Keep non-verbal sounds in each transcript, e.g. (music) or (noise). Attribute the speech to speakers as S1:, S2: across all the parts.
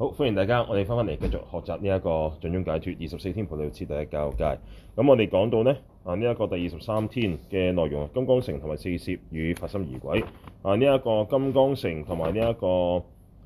S1: 好，歡迎大家，我哋翻返嚟繼續學習呢一個掌中解脫二十四天菩提道次第一教授。咁我哋講到咧啊，呢一個第二十三天嘅內容，金剛城同埋四攝與發心儀軌啊。呢一個金剛城同埋呢一個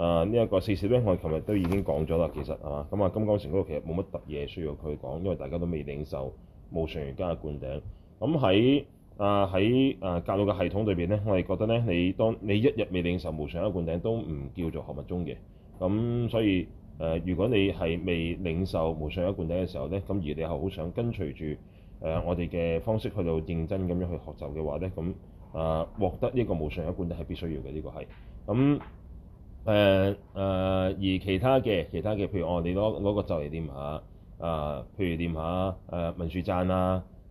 S1: 啊呢一個四攝咧，我哋琴日都已經講咗啦。其實係咁啊，金剛城嗰度其實冇乜特嘢需要佢講，因為大家都未領受無上瑜伽灌頂。咁喺啊喺啊教導嘅系統裏面呢，我哋覺得呢，你當你一日未領受無上瑜伽灌頂，都唔叫做學密宗嘅。咁所以誒、呃，如果你係未領受無上一貫底嘅時候咧，咁而你係好想跟隨住誒、呃、我哋嘅方式去到認真咁樣去學習嘅話咧，咁、呃、啊獲得呢個無上一貫底係必須要嘅，呢、這個係咁誒誒。而其他嘅其他嘅，譬如我哋攞攞個咒嚟念下啊、呃，譬如念下誒文殊讚啊，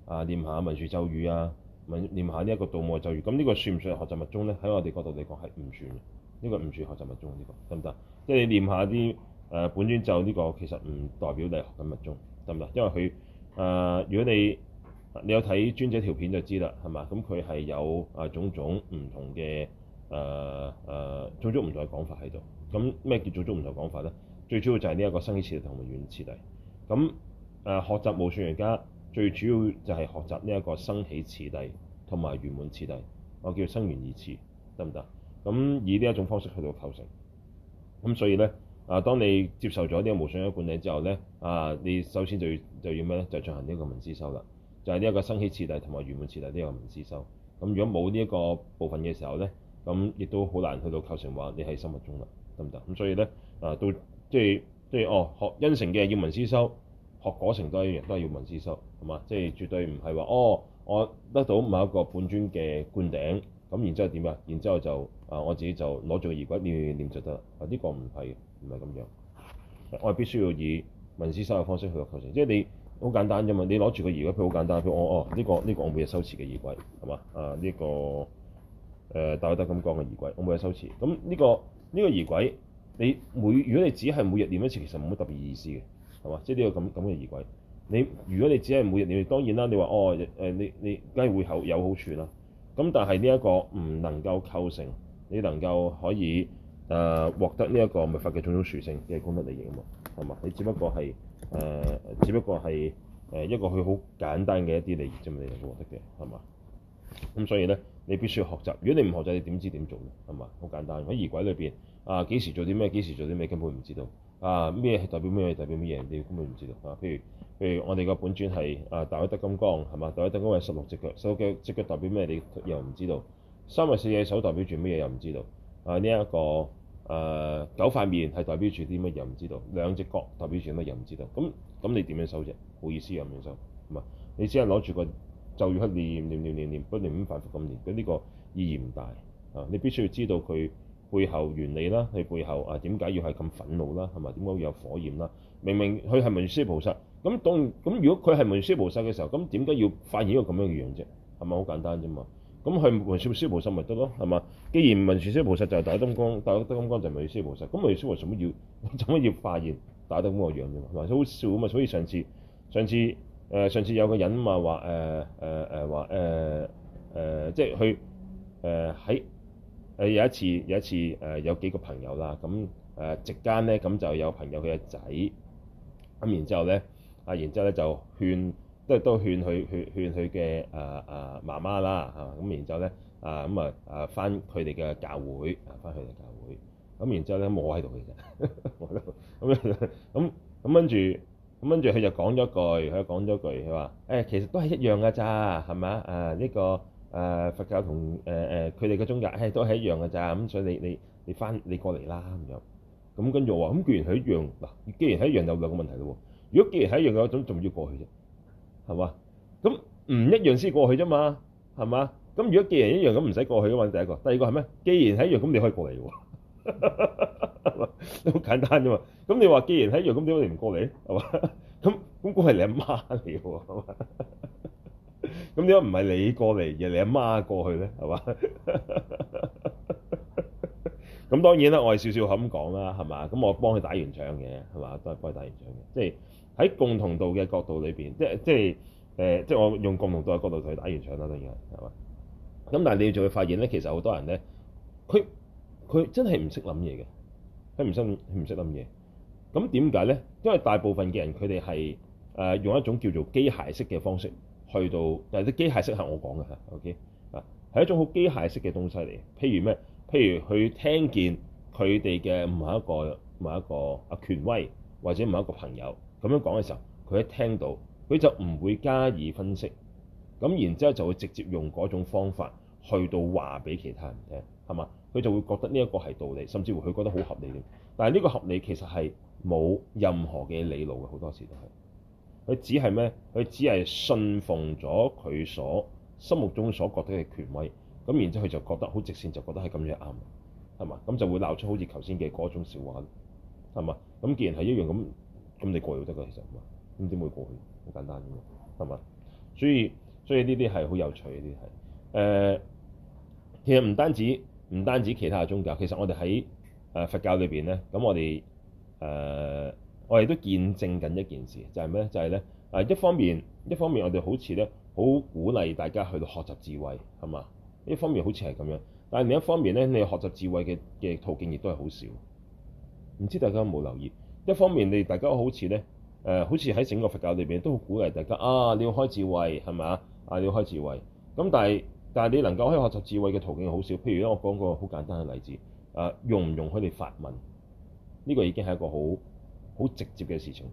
S1: 啊、呃、唸下文殊咒語啊，唸唸下呢一個度母咒語，咁呢個算唔算係學習密宗咧？喺我哋角度嚟講係唔算呢、這個唔算學習密宗，呢、這個得唔得？行即係你念下啲誒、呃、本尊咒呢、這個，其實唔代表你學緊密宗，得唔得？因為佢誒、呃，如果你你有睇尊者條片就知啦，係嘛？咁佢係有啊種種唔同嘅誒誒種種唔同嘅講法喺度。咁咩叫種種唔同嘅講法咧？最主要就係呢一個生起次第同埋圓滿次第。咁誒學習無上瑜伽最主要就係學習呢一個生起次第同埋圓滿次第，我叫生圓二次，得唔得？咁以呢一種方式去到構成。咁所以咧，啊，當你接受咗呢個無上嘅灌頂之後咧，啊，你首先就要就要咩咧？就呢、就是、進行呢一個聞思修啦，就係呢一個生起次第同埋圓滿次第呢有聞思修。咁如果冇呢一個部分嘅時候咧，咁亦都好難去到構成話你喺生目中啦，得唔得？咁所以咧，啊，到即係即係哦，學因乘嘅要聞思修，學果乘都一樣都係要聞思修，係嘛？即、就、係、是、絕對唔係話哦，我得到某一個本尊嘅灌頂。咁然之後點啊？然之後就啊，我自己就攞住、這個儀軌，念念就得啦。啊，呢個唔係，唔係咁樣。我係必須要以聞思修嘅方式去學佛經。即係你好簡單啫嘛。你攞住個儀軌，佢好簡單，譬如我哦，呢、這個呢、這個我每日修持嘅儀軌，係嘛啊？呢、這個誒、呃、大德咁講嘅儀軌，我每日修持。咁呢、這個呢、這個儀軌，你每如果你只係每日念一次，其實冇乜特別意思嘅，係嘛？即係呢、這個咁咁嘅儀軌。你如果你只係每日念，當然啦，你話哦誒、呃，你你梗係會好有好處啦。咁但係呢一個唔能夠構成你能夠可以誒、呃、獲得呢一個密法嘅種種殊勝嘅功德利益啊嘛，係嘛？你只不過係誒、呃、只不過係誒一個佢好簡單嘅一啲利益啫嘛，利益嘅獲得嘅係嘛？咁所以咧，你必須要學習。如果你唔學習，你點知點做咧？係嘛？好簡單喺儀軌裏邊啊！幾時做啲咩？幾時做啲咩？根本唔知道。啊咩係代表咩？代表咩嘢？你根本唔知道啊！譬如譬如我哋個本尊係啊大威德金剛係嘛？大威德金剛係十六隻腳，十六隻，隻腳代表咩？你又唔知道。三十四隻手代表住乜嘢？又唔知道。啊呢一、這個誒、啊、九塊面係代表住啲乜？又唔知道。兩隻角代表住乜？又唔知道。咁咁你點樣修啫？好意思咁樣修？唔係你只係攞住個咒語去念念念念念，不斷咁反覆咁念，咁呢個意義唔大啊！你必須要知道佢。背後原理啦，佢背後啊點解要係咁憤怒啦，係咪？點解會有火焰啦？明明佢係文殊菩薩，咁當咁如果佢係文殊菩薩嘅時候，咁點解要發現一個咁樣嘅樣啫？係咪好簡單啫嘛？咁佢文殊菩薩咪得咯，係嘛？既然文殊菩薩就係大金剛，大金剛就係文殊菩薩，咁文殊菩薩做乜要做乜要發現大金剛個樣嘛？係咪好笑啊嘛？所以上次上次誒、呃、上次有個人啊話誒誒誒話誒誒即係去誒喺。呃誒有一次，有一次誒、呃、有幾個朋友啦，咁誒席間咧，咁就有朋友佢嘅仔，咁、嗯、然之後咧，啊，然之後咧就勸，即係都勸佢，勸勸佢嘅誒誒媽媽啦，嚇，咁然之後咧，啊咁啊誒翻佢哋嘅教會，啊翻佢哋教會，咁然之後咧，我喺度嘅啫，我喺度，咁、嗯、樣，咁咁跟住，咁跟住佢就講咗一句，佢講咗一句，佢話，誒、哎、其實都係一樣㗎咋，係咪啊？誒、這、呢個。誒、呃、佛教同誒誒佢哋嘅宗教，誒、呃呃、都係一樣嘅咋咁，所以你你你翻你過嚟啦咁樣，咁跟住話，咁既然係一樣，嗱，既然係一樣就有兩個問題咯喎。如果既然係一樣，咁仲要過去啫，係嘛？咁唔一樣先過去啫嘛，係嘛？咁如果既然一樣咁，唔使過去嘅嘛。第一個，第二個係咩？既然係一樣，咁你可以過嚟喎，好 (laughs) (laughs) 簡單啫嘛。咁你話既然係一樣，咁點解你唔過嚟咧？嘛，咁咁嗰係你阿媽嚟嘅喎， (laughs) 咁點解唔係你過嚟，而你阿媽過去咧？係嘛？咁當然啦，我係少少咁講啦，係嘛？咁我幫佢打完場嘅係嘛，幫幫佢打完場嘅，即係喺共同度嘅角度裏邊，即即係誒，即係我用共同度嘅角度同佢打完場啦，當然係係嘛？咁但係你就會發現咧，其實好多人咧，佢佢真係唔識諗嘢嘅，佢唔識唔識諗嘢。咁點解咧？因為大部分嘅人佢哋係誒用一種叫做機械式嘅方式。去到，但係啲機械式係我講嘅，嚇，OK 啊，係一種好機械式嘅東西嚟。譬如咩？譬如佢聽見佢哋嘅某一個某一個啊權威，或者某一個朋友咁樣講嘅時候，佢一聽到，佢就唔會加以分析，咁然之後就會直接用嗰種方法去到話俾其他人聽，係嘛？佢就會覺得呢一個係道理，甚至乎佢覺得好合理。但係呢個合理其實係冇任何嘅理路嘅，好多時都係。佢只係咩？佢只係信奉咗佢所心目中所覺得嘅權威，咁然之後佢就覺得好直線，就覺得係咁樣啱，係嘛？咁就會鬧出好似頭先嘅嗰種笑話，係嘛？咁既然係一樣咁，咁你過都得嘅，其實係嘛？點解冇過去嘅？好簡單嘅嘛，係嘛？所以所以呢啲係好有趣，呢啲係，誒、呃，其實唔單止唔單止其他宗教，其實我哋喺誒佛教裏邊咧，咁我哋誒。呃我哋都見證緊一件事，就係咩？就係咧，啊，一方面，一方面我，我哋好似咧好鼓勵大家去到學習智慧，係嘛？一方面好似係咁樣，但係另一方面咧，你學習智慧嘅嘅途徑亦都係好少。唔知大家有冇留意？一方面，你大家好似咧誒，好似喺整個佛教裏邊都鼓勵大家啊，你要開智慧係咪？啊？你要開智慧咁，啊，但係但係你能夠開學習智慧嘅途徑好少。譬如咧，我講個好簡單嘅例子啊，容唔容許你發問？呢個已經係一個好好直接嘅事情，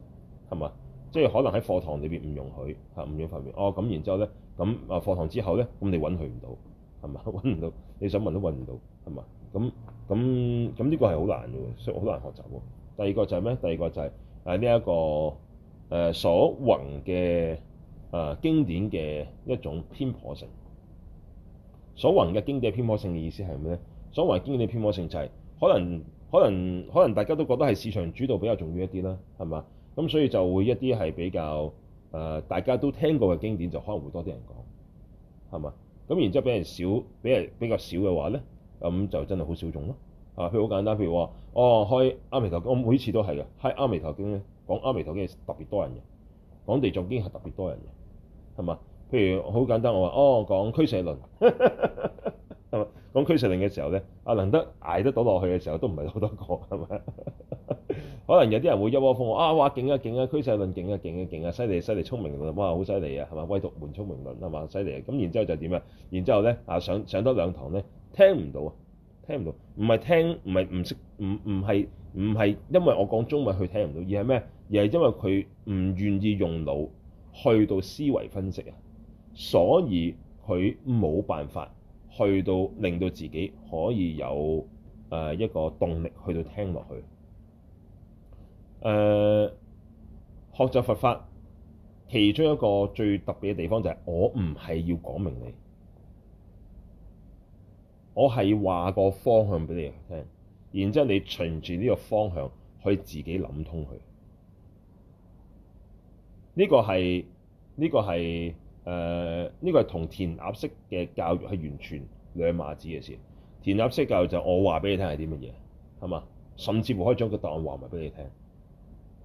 S1: 係嘛？即係可能喺課堂裏邊唔容許，嚇唔容許。哦，咁然後之後咧，咁啊課堂之後咧，咁你搵唔到，係嘛？搵唔到，你想問都搵唔到，係嘛？咁咁咁呢個係好難嘅，所以好難學習喎。第二個就係咩？第二個就係誒呢一個誒、呃、所云嘅誒經典嘅一種偏頗性。所云嘅經典偏頗性嘅意思係咩咧？所謂經典偏頗性就係、是、可能。可能可能大家都覺得係市場主導比較重要一啲啦，係嘛？咁所以就會一啲係比較誒、呃，大家都聽過嘅經典就可能會多啲人講，係嘛？咁然之後俾人少，俾人比較少嘅話咧，咁就真係好少眾咯。啊，譬如好簡單，譬如話，哦，開阿彌陀經，我每次都係嘅。開阿彌陀經講阿彌陀經係特別多人嘅，講地藏經係特別多人嘅，係嘛？譬如好簡單，我話哦，講俱舍論。 (laughs) 講俱舍論嘅時候咧，阿能得捱得到落去嘅時候都唔係好多個，係咪？ (laughs) 可能有啲人會一窩蜂啊！哇，勁啊勁啊，俱舍論勁啊勁啊勁啊，犀利犀利，啊啊啊啊、聰明論哇好犀利啊，係嘛？威毒門聰明論係嘛？犀利！咁然之後就點呀？然之後咧啊，上上多兩堂咧，聽唔到啊，聽唔到。唔係聽，唔係唔識，唔唔係唔係，因為我講中文佢聽唔到，而係咩？而係因為佢唔願意用腦去到思維分析啊，所以佢冇辦法。去到令到自己可以有誒、呃、一個動力去到聽落去誒、呃、學習佛法，其中一個最特別嘅地方就係、是、我唔係要講明你，我係話個方向俾你聽，然之後你循住呢個方向去自己諗通佢呢、這個係呢、這個係。誒呢個係同填鴨式嘅教育係完全兩碼子嘅事。填鴨式教育就我話俾你聽係啲乜嘢，係嘛？甚至乎可以將個答案話埋俾你聽，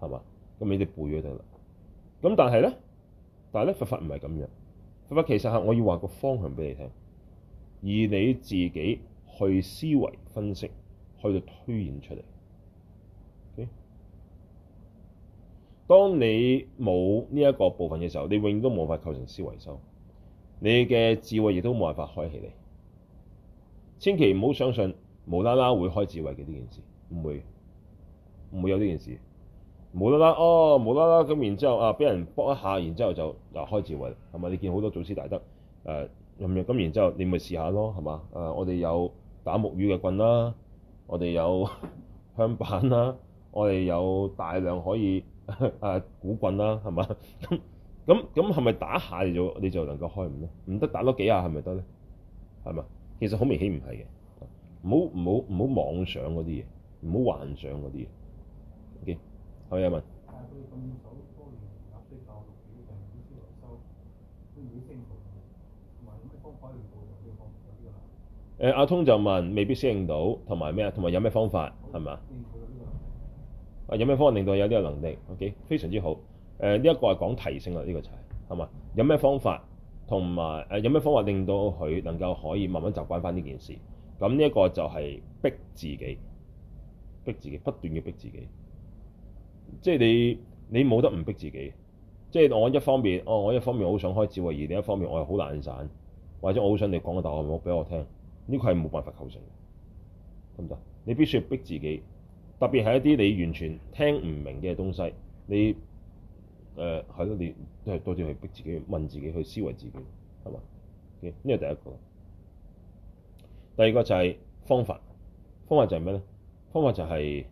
S1: 係嘛？咁你哋背咗得啦。咁但係咧，但係咧，佛法唔係咁樣。佛法其實係我要話個方向俾你聽，而你自己去思維分析，去到推演出嚟。當你冇呢一個部分嘅時候，你永遠都冇法構成思維修，你嘅智慧亦都冇辦法開起嚟。千祈唔好相信無啦啦會開智慧嘅呢件事，唔會，唔會有呢件事。無啦啦哦，無啦啦咁，然之後啊，俾人卜一下，然之後就又開智慧，係咪？你見好多祖師大德誒，咁樣咁，然之後你咪試下咯，係嘛？誒、啊，我哋有打木魚嘅棍啦，我哋有香板啦，我哋有大量可以。啊 (laughs) 啊！古棍啦、啊，係嘛？咁咁咁係咪打下你就你就能夠開悟咧？唔得，打多幾下係咪得咧？係嘛？其實好明顯唔係嘅，唔好唔好唔好妄想嗰啲嘢，唔好幻想嗰啲嘢。O.K.，係啊？問。誒阿通就問：未必適應到，同埋咩啊？同埋有咩方法？係嘛好？啊！有咩方法令到佢有呢個能力？OK，非常之好。誒呢一個係講提升啦，呢、呢個就係係嘛？有咩方法同埋誒有咩、呃、方法令到佢能夠可以慢慢習慣翻呢件事？咁呢一個就係逼自己，逼自己，逼自己不斷要逼自己。即係你你冇得唔逼自己。即係我一方面，哦，我一方面好想開智慧，而另一方面我又好懶散，或者我好想你講個答案俾我聽，呢個係冇辦法構成嘅。得唔得？你必須要逼自己。特別係一啲你完全聽唔明嘅東西，你誒係咯，你都係多啲去逼自己，問自己，去思維自己係嘛？呢個第一個。第二個就係方法，方法就係咩咧？方法就係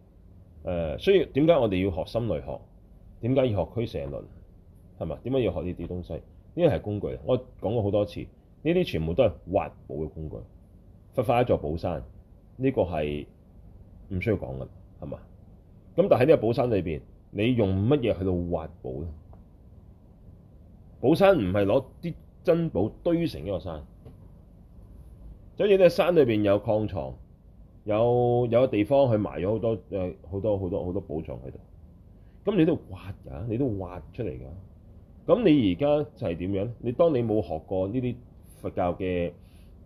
S1: 誒需要點解我哋要學心類學？點解要學俱舍論係嘛？點解要學呢啲東西？呢個係工具，我講過好多次，呢啲全部都係挖寶嘅工具，發翻一座寶山。呢個係唔需要講嘅。係嘛？咁但係呢個寶山裏邊，你用乜嘢去到挖寶咧？寶山唔係攞啲珍寶堆成一個山，所以咧山裏邊有礦藏，有有個地方去埋咗好多誒好、呃、多好多好多寶藏喺度。咁你都挖㗎，你都挖出嚟㗎。咁你而家就係點樣？你當你冇學過呢啲佛教嘅誒、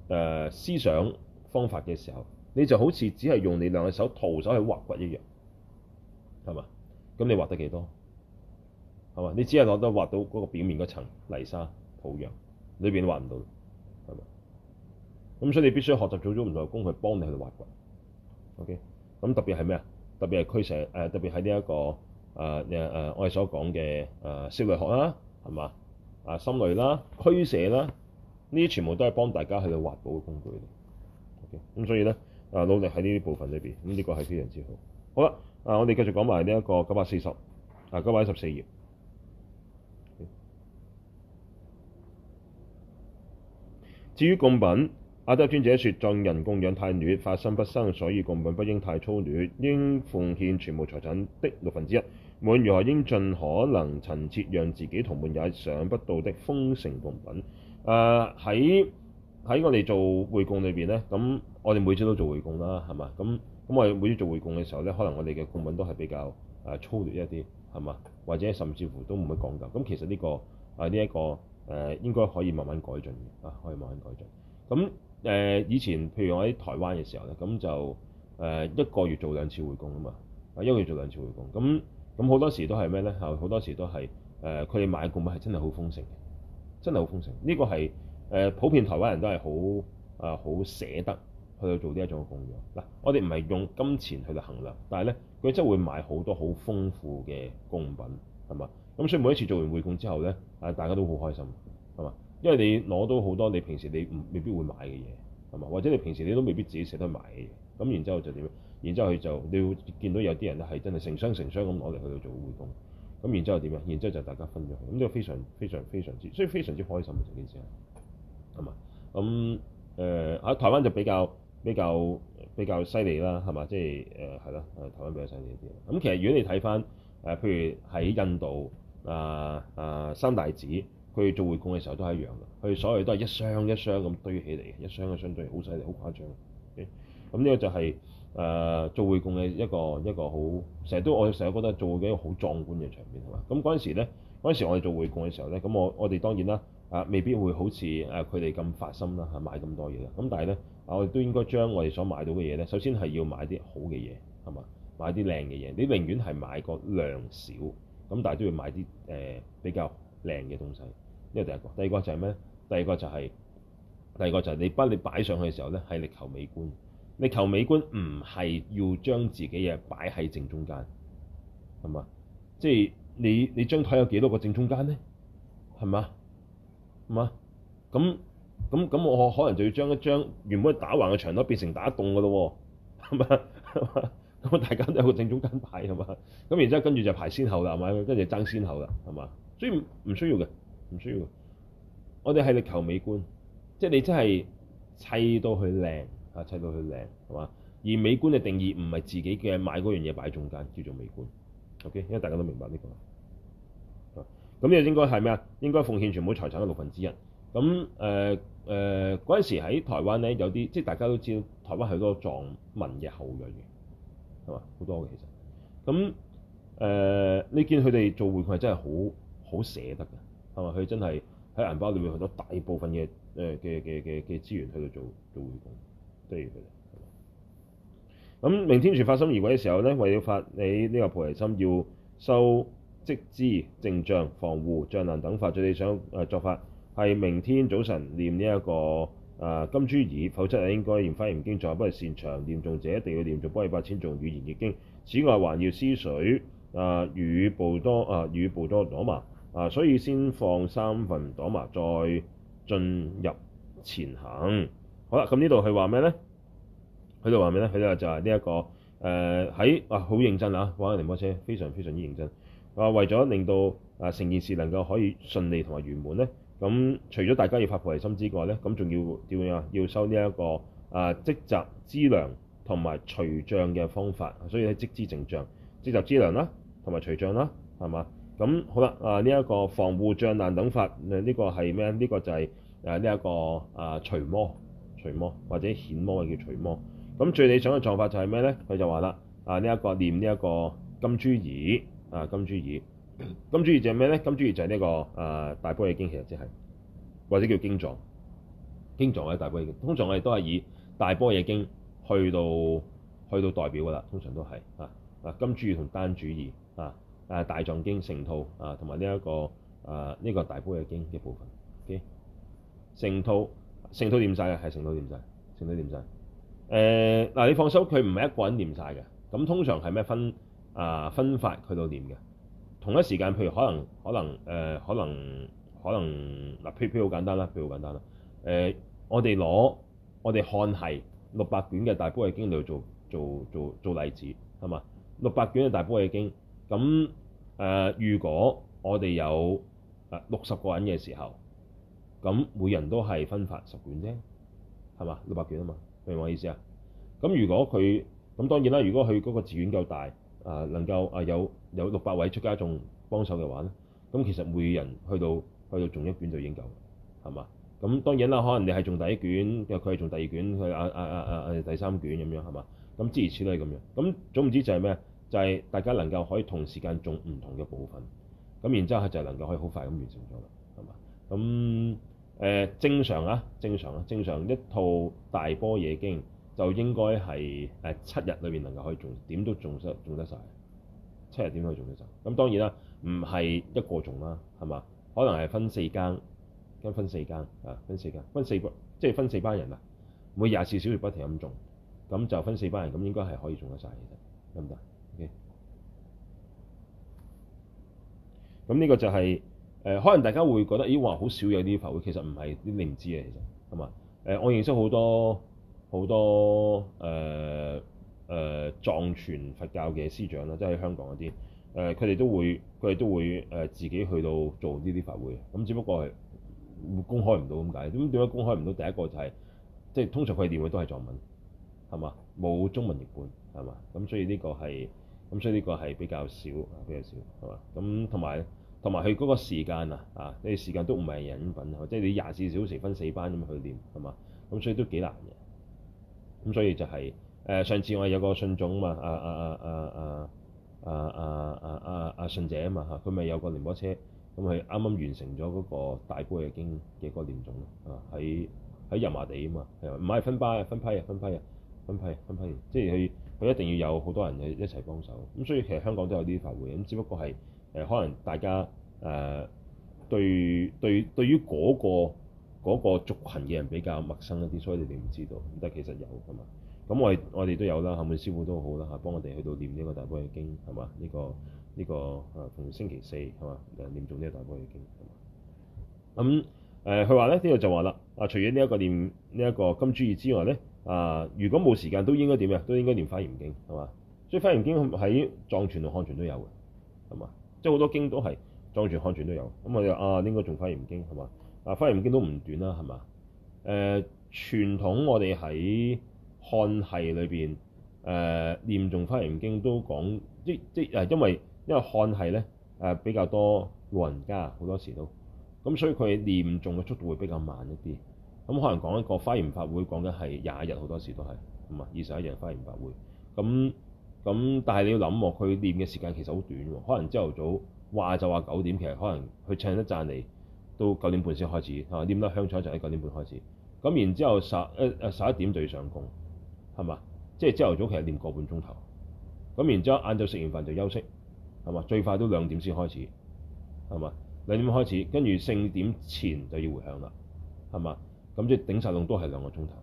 S1: 呃、思想方法嘅時候。你就好似只係用你兩隻手徒手去挖掘一樣，係嘛？咁你挖得幾多係嘛？你只係攞得挖到嗰個表面嗰層泥沙土壤裏邊，挖唔到係嘛？咁所以你必須學習做咗唔同嘅工具，幫你去挖掘。OK，咁特別係咩啊？特別係驅蛇誒，特別係呢一個誒誒誒，我哋所講嘅誒色類學啦，係嘛？啊心類啦、驅蛇啦，呢啲全部都係幫大家去去挖寶嘅工具。OK，咁所以咧。啊！努力喺呢啲部分裏邊，呢個係非常之好。好啦，啊，我哋繼續講埋呢一個九百四十，啊，九百十四頁。Okay. 至於供品，阿底峽尊者說：藏人供養太劣，發心不生，所以供品不應太粗劣，應奉獻全部財產的六分之一。無論如何，應盡可能陳設讓自己同伴也想不到的豐盛供品。啊、呃，喺喺我哋做薈供裏邊咧，咁我哋每次都做薈供啦，係嘛？咁咁我哋每次做薈供嘅時候咧，可能我哋嘅供品都係比較誒粗劣一啲，係嘛？或者甚至乎都唔會講究。咁其實呢、呢個誒呢一個誒應該可以慢慢改進嘅，啊，可以慢慢改進。咁誒、呃、以前譬如我喺台灣嘅時候咧，咁就誒一個月做兩次薈供啊嘛，啊，一個月做兩次薈供。咁咁好多時都係咩咧？好多時都係誒佢哋買嘅供品係真係好豐盛嘅，真係好豐盛。呢個係。誒，普遍台灣人都係好啊，好捨得去到做呢一種供養嗱。我哋唔係用金錢去到衡量，但係咧佢真係會買好多好豐富嘅供品，係嘛？咁所以每一次做完匯供之後咧，啊大家都好開心，係嘛？因為你攞到好多你平時你未必會買嘅嘢，係嘛？或者你平時你都未必自己捨得買嘅嘢，咁然之後就點？然之後佢就你要見到有啲人咧係真係成箱成箱咁攞嚟去到做匯供，咁然之後點啊？然之後就大家分咗佢，咁就非常非常非常之所以非常之開心嘅件事。係嘛？咁誒喺台灣就比較比較比較犀利啦，係嘛？即係誒係啦，誒、呃、台灣比較犀利啲。咁、嗯、其實如果你睇翻誒，譬如喺印度啊啊、呃呃、三大寺，佢做會供嘅時候都係一樣嘅，佢所謂都係一箱一箱咁堆起嚟，一箱一箱就好犀利，好誇張咁呢、嗯這個就係、是、誒、呃、做會供嘅一個一個好，成日都我成日覺得做會供嘅一個好壯觀嘅場面係嘛？咁嗰陣時咧，嗰陣時我哋做會供嘅時候咧，咁我我哋當然啦。啊，未必會好似啊佢哋咁發心啦，係買咁多嘢啦。咁但係咧，我哋都應該將我哋所買到嘅嘢咧，首先係要買啲好嘅嘢，係嘛？買啲靚嘅嘢。你寧願係買個量少，咁但係都要買啲誒、呃、比較靚嘅東西。呢個第一個，第二個就係咩？第二個就係、是、第二個就係、是、你不你擺上去嘅時候咧，係力求美觀。你求美觀唔係要將自己嘢擺喺正中間，係嘛？即、就、係、是、你你張台有幾多個正中間咧？係嘛？嘛，咁咁咁我可能就要將一張原本打橫嘅長桌變成打棟嘅咯喎，係咪？咁啊，大家都喺個正中間擺係嘛？咁然之後跟住就排先後啦，係嘛？跟住就爭先後啦，係嘛？所以唔需要嘅，唔需要嘅。我哋係力求美觀，即係你真係砌到佢靚嚇，砌到佢靚係嘛？而美觀嘅定義唔係自己嘅買嗰樣嘢擺喺中間叫做美觀，OK？因為大家都明白呢個。咁呢個應該係咩啊？應該奉獻全部財產嘅六分之一。咁誒誒，嗰、呃、陣、呃、時喺台灣咧，有啲即係大家都知道，台灣係好多藏民嘅後裔嘅，係嘛？好多嘅其實。咁誒、呃，你見佢哋做會供係真係好好捨得嘅，係嘛？佢真係喺銀包裏面攞大部分嘢誒嘅嘅嘅嘅資源去到做做會供，即係佢哋。咁明天傳發心儀軌嘅時候咧，為咗發你呢個菩提心，要修。即知淨障、防護、障難等法，最理想誒做法係明天早晨唸呢一個誒、呃、甘珠爾，否則啊應該唸翻《唔經》再，不如擅長唸誦者一定要唸誦《般若八千》仲《賢劫經》，此外還要施水誒部多誒部多朵瑪啊，所以先放三分朵瑪再進入正行。好啦，咁呢度係話咩咧？佢就話咩咧？呢度就係呢一個誒喺哇，好、啊、認真啊！玩下電波車，非常非常之認真。啊，為咗令到啊成件事能夠可以順利同埋圓滿咧，咁除咗大家要發菩提心之外咧，咁仲要點樣？要收呢、這、一個啊積集資糧同埋除障嘅方法，所以積資淨障，積集資糧啦，同埋除障啦，係嘛？咁好啦，啊呢一、嗯嗯嗯嗯嗯嗯這個防護障難等法，誒、嗯、呢、這個係咩呢個就係誒呢一個、嗯、啊除魔、除魔或者顯魔嘅叫除魔。咁、嗯嗯、最理想嘅做法就係咩咧？佢就話啦，啊呢一、這個啊這個念呢一個甘珠爾。啊，甘珠爾，甘珠爾就係咩咧？甘珠爾就係呢、這個啊、呃、大般若經其實即、就、係、是，或者叫經藏，經藏或者大般若經。通常我哋都係以大般若經去到去到代表㗎喇，通常都係啊啊甘珠爾同丹珠爾啊啊大藏經成套啊，同埋呢一個啊呢、這個大般若經嘅部分。O K，成套成套念曬嘅係成套念晒？成套念晒？誒嗱、呃，你放心，佢唔係一個人念晒嘅。咁、啊、通常係咩分？啊，分發佢度念嘅同一時間，譬如可能可能誒、呃、可能可能嗱，譬譬如好簡單啦，譬如好簡單啦。誒、呃，我哋攞我哋看係六百卷嘅大般若經嚟做做做做，做例子係嘛？六百卷嘅大般若經咁誒、呃，如果我哋有啊六十個人嘅時候，咁每人都係分發十卷啫，係嘛？六百卷啊嘛，明唔明我意思啊？咁如果佢咁當然啦，如果佢嗰個寺院夠大。啊，能夠啊有有六百位出家眾幫手嘅話咧，咁其實每人去到去到中一卷就已經夠，係嘛？咁當然啦，可能你係中第一卷，佢係中第二卷，佢啊啊啊啊第三卷咁樣係嘛？咁諸如此類咁樣，咁總言之就係咩？就係、是、大家能夠可以同時間種唔同嘅部分，咁然之後就係能夠可以好快咁完成咗啦，係嘛？咁誒、呃正常啊、正常啊，正常啊，正常一套大般若經。就應該係誒，七日裏邊能夠可以種，點都種得種得晒。七日點可以種得晒？咁當然啦，唔係一個種啦，係嘛？可能係分四間，跟分四間啊，分四間，分四個，即係分四班人啊。每廿四小時不停咁種，咁就分四班人，咁應該係可以種得晒。其實，得唔得？OK。咁呢個就係，誒，可能大家會覺得咦，話好少有啲法會，其實唔係你唔知啊，其實係嘛？誒，我認識好多。好多誒誒藏傳佛教嘅師長啦，即係喺香港嗰啲誒，佢、呃、哋都會佢哋都會誒、呃、自己去到做呢啲法會，咁只不過係會公開唔到咁解。咁點解公開唔到？第一個就係、是、即係通常佢哋唸嘅都係藏文係嘛，冇中文譯本係嘛，咁所以呢個係咁所以呢個係比較少比較少係嘛。咁同埋同埋佢嗰個時間啊啊，你時間都唔係人品，即係你廿四小時分四班咁去唸係嘛，咁所以都幾難嘅。咁所以就係誒，上次我有個信眾啊嘛，啊啊啊啊啊啊啊啊啊啊信姐啊嘛嚇，佢咪有個廉波車，咁係啱啱完成咗嗰個大杯嘅經嘅嗰個唸誦咯，啊喺喺油麻地啊嘛，唔係分批啊分批啊分批啊分批分批，即係佢佢一定要有好多人去一齊幫手，咁所以其實香港都有啲法會，咁只不過係誒可能大家誒對對對於嗰個。嗰個族群嘅人比較陌生一啲，所以你哋唔知道。但係其實有㗎嘛。咁我哋我哋都有啦，後面師傅都好啦嚇，幫我哋去到念呢個大般若經係嘛？呢、這個呢、這個啊逢、呃、星期四係嘛唸做呢個大般若經。咁誒佢話咧，嗯呃、呢度就話啦，啊除咗呢一個唸呢一個甘珠爾之外咧，啊、呃、如果冇時間都應該點呀？都應該念華嚴經係嘛？所以華嚴經喺藏傳同漢傳都有嘅，係嘛？即係好多經都係藏傳漢傳都有。咁我哋啊應該仲華嚴經係嘛？啊！華嚴經都唔短啦，係嘛？誒、呃、傳統我哋喺漢系裏邊誒念誦華嚴經都講，即即誒因為因為漢系咧誒、呃、比較多老人家好多時都咁，所以佢念誦嘅速度會比較慢一啲。咁可能講一個華嚴法，法會講緊係廿日好多時都係咁啊，二十一日華嚴法，法會咁咁，但係你要諗喎，佢念嘅時間其實好短喎，可能朝頭早話就話九點，其實可能佢唱得讚你。都九點半先開始，啊，拈粒香腸就喺九點半開始。咁然之後十誒誒十一點就要、是、上工，係嘛？即係朝頭早其實唸個半鐘頭。咁然之後晏晝食完飯就休息，係嘛？最快都兩點先開始，係嘛？兩點開始，跟住四點前就要回向啦，係嘛？咁即係頂晒籠都係兩個鐘頭。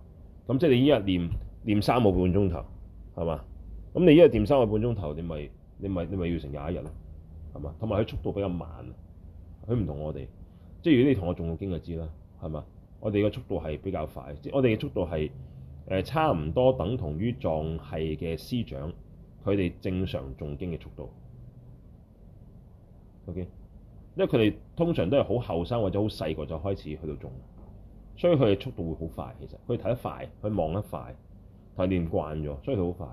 S1: 咁即係你一日唸唸三個半鐘頭，係嘛？咁你一日唸三個半鐘頭，你咪你咪你咪要成廿一日咯，係嘛？同埋佢速度比較慢，佢唔同我哋。即係如果你同我誦過經就知啦，係嘛？我哋嘅速度係比較快，即係我哋嘅速度係誒差唔多等同於藏系嘅師長，佢哋正常誦經嘅速度。O.K.，因為佢哋通常都係好後生或者好細個就開始去到種，所以佢哋速度會好快。其實佢睇得快，佢望得快，但係練慣咗，所以佢好快。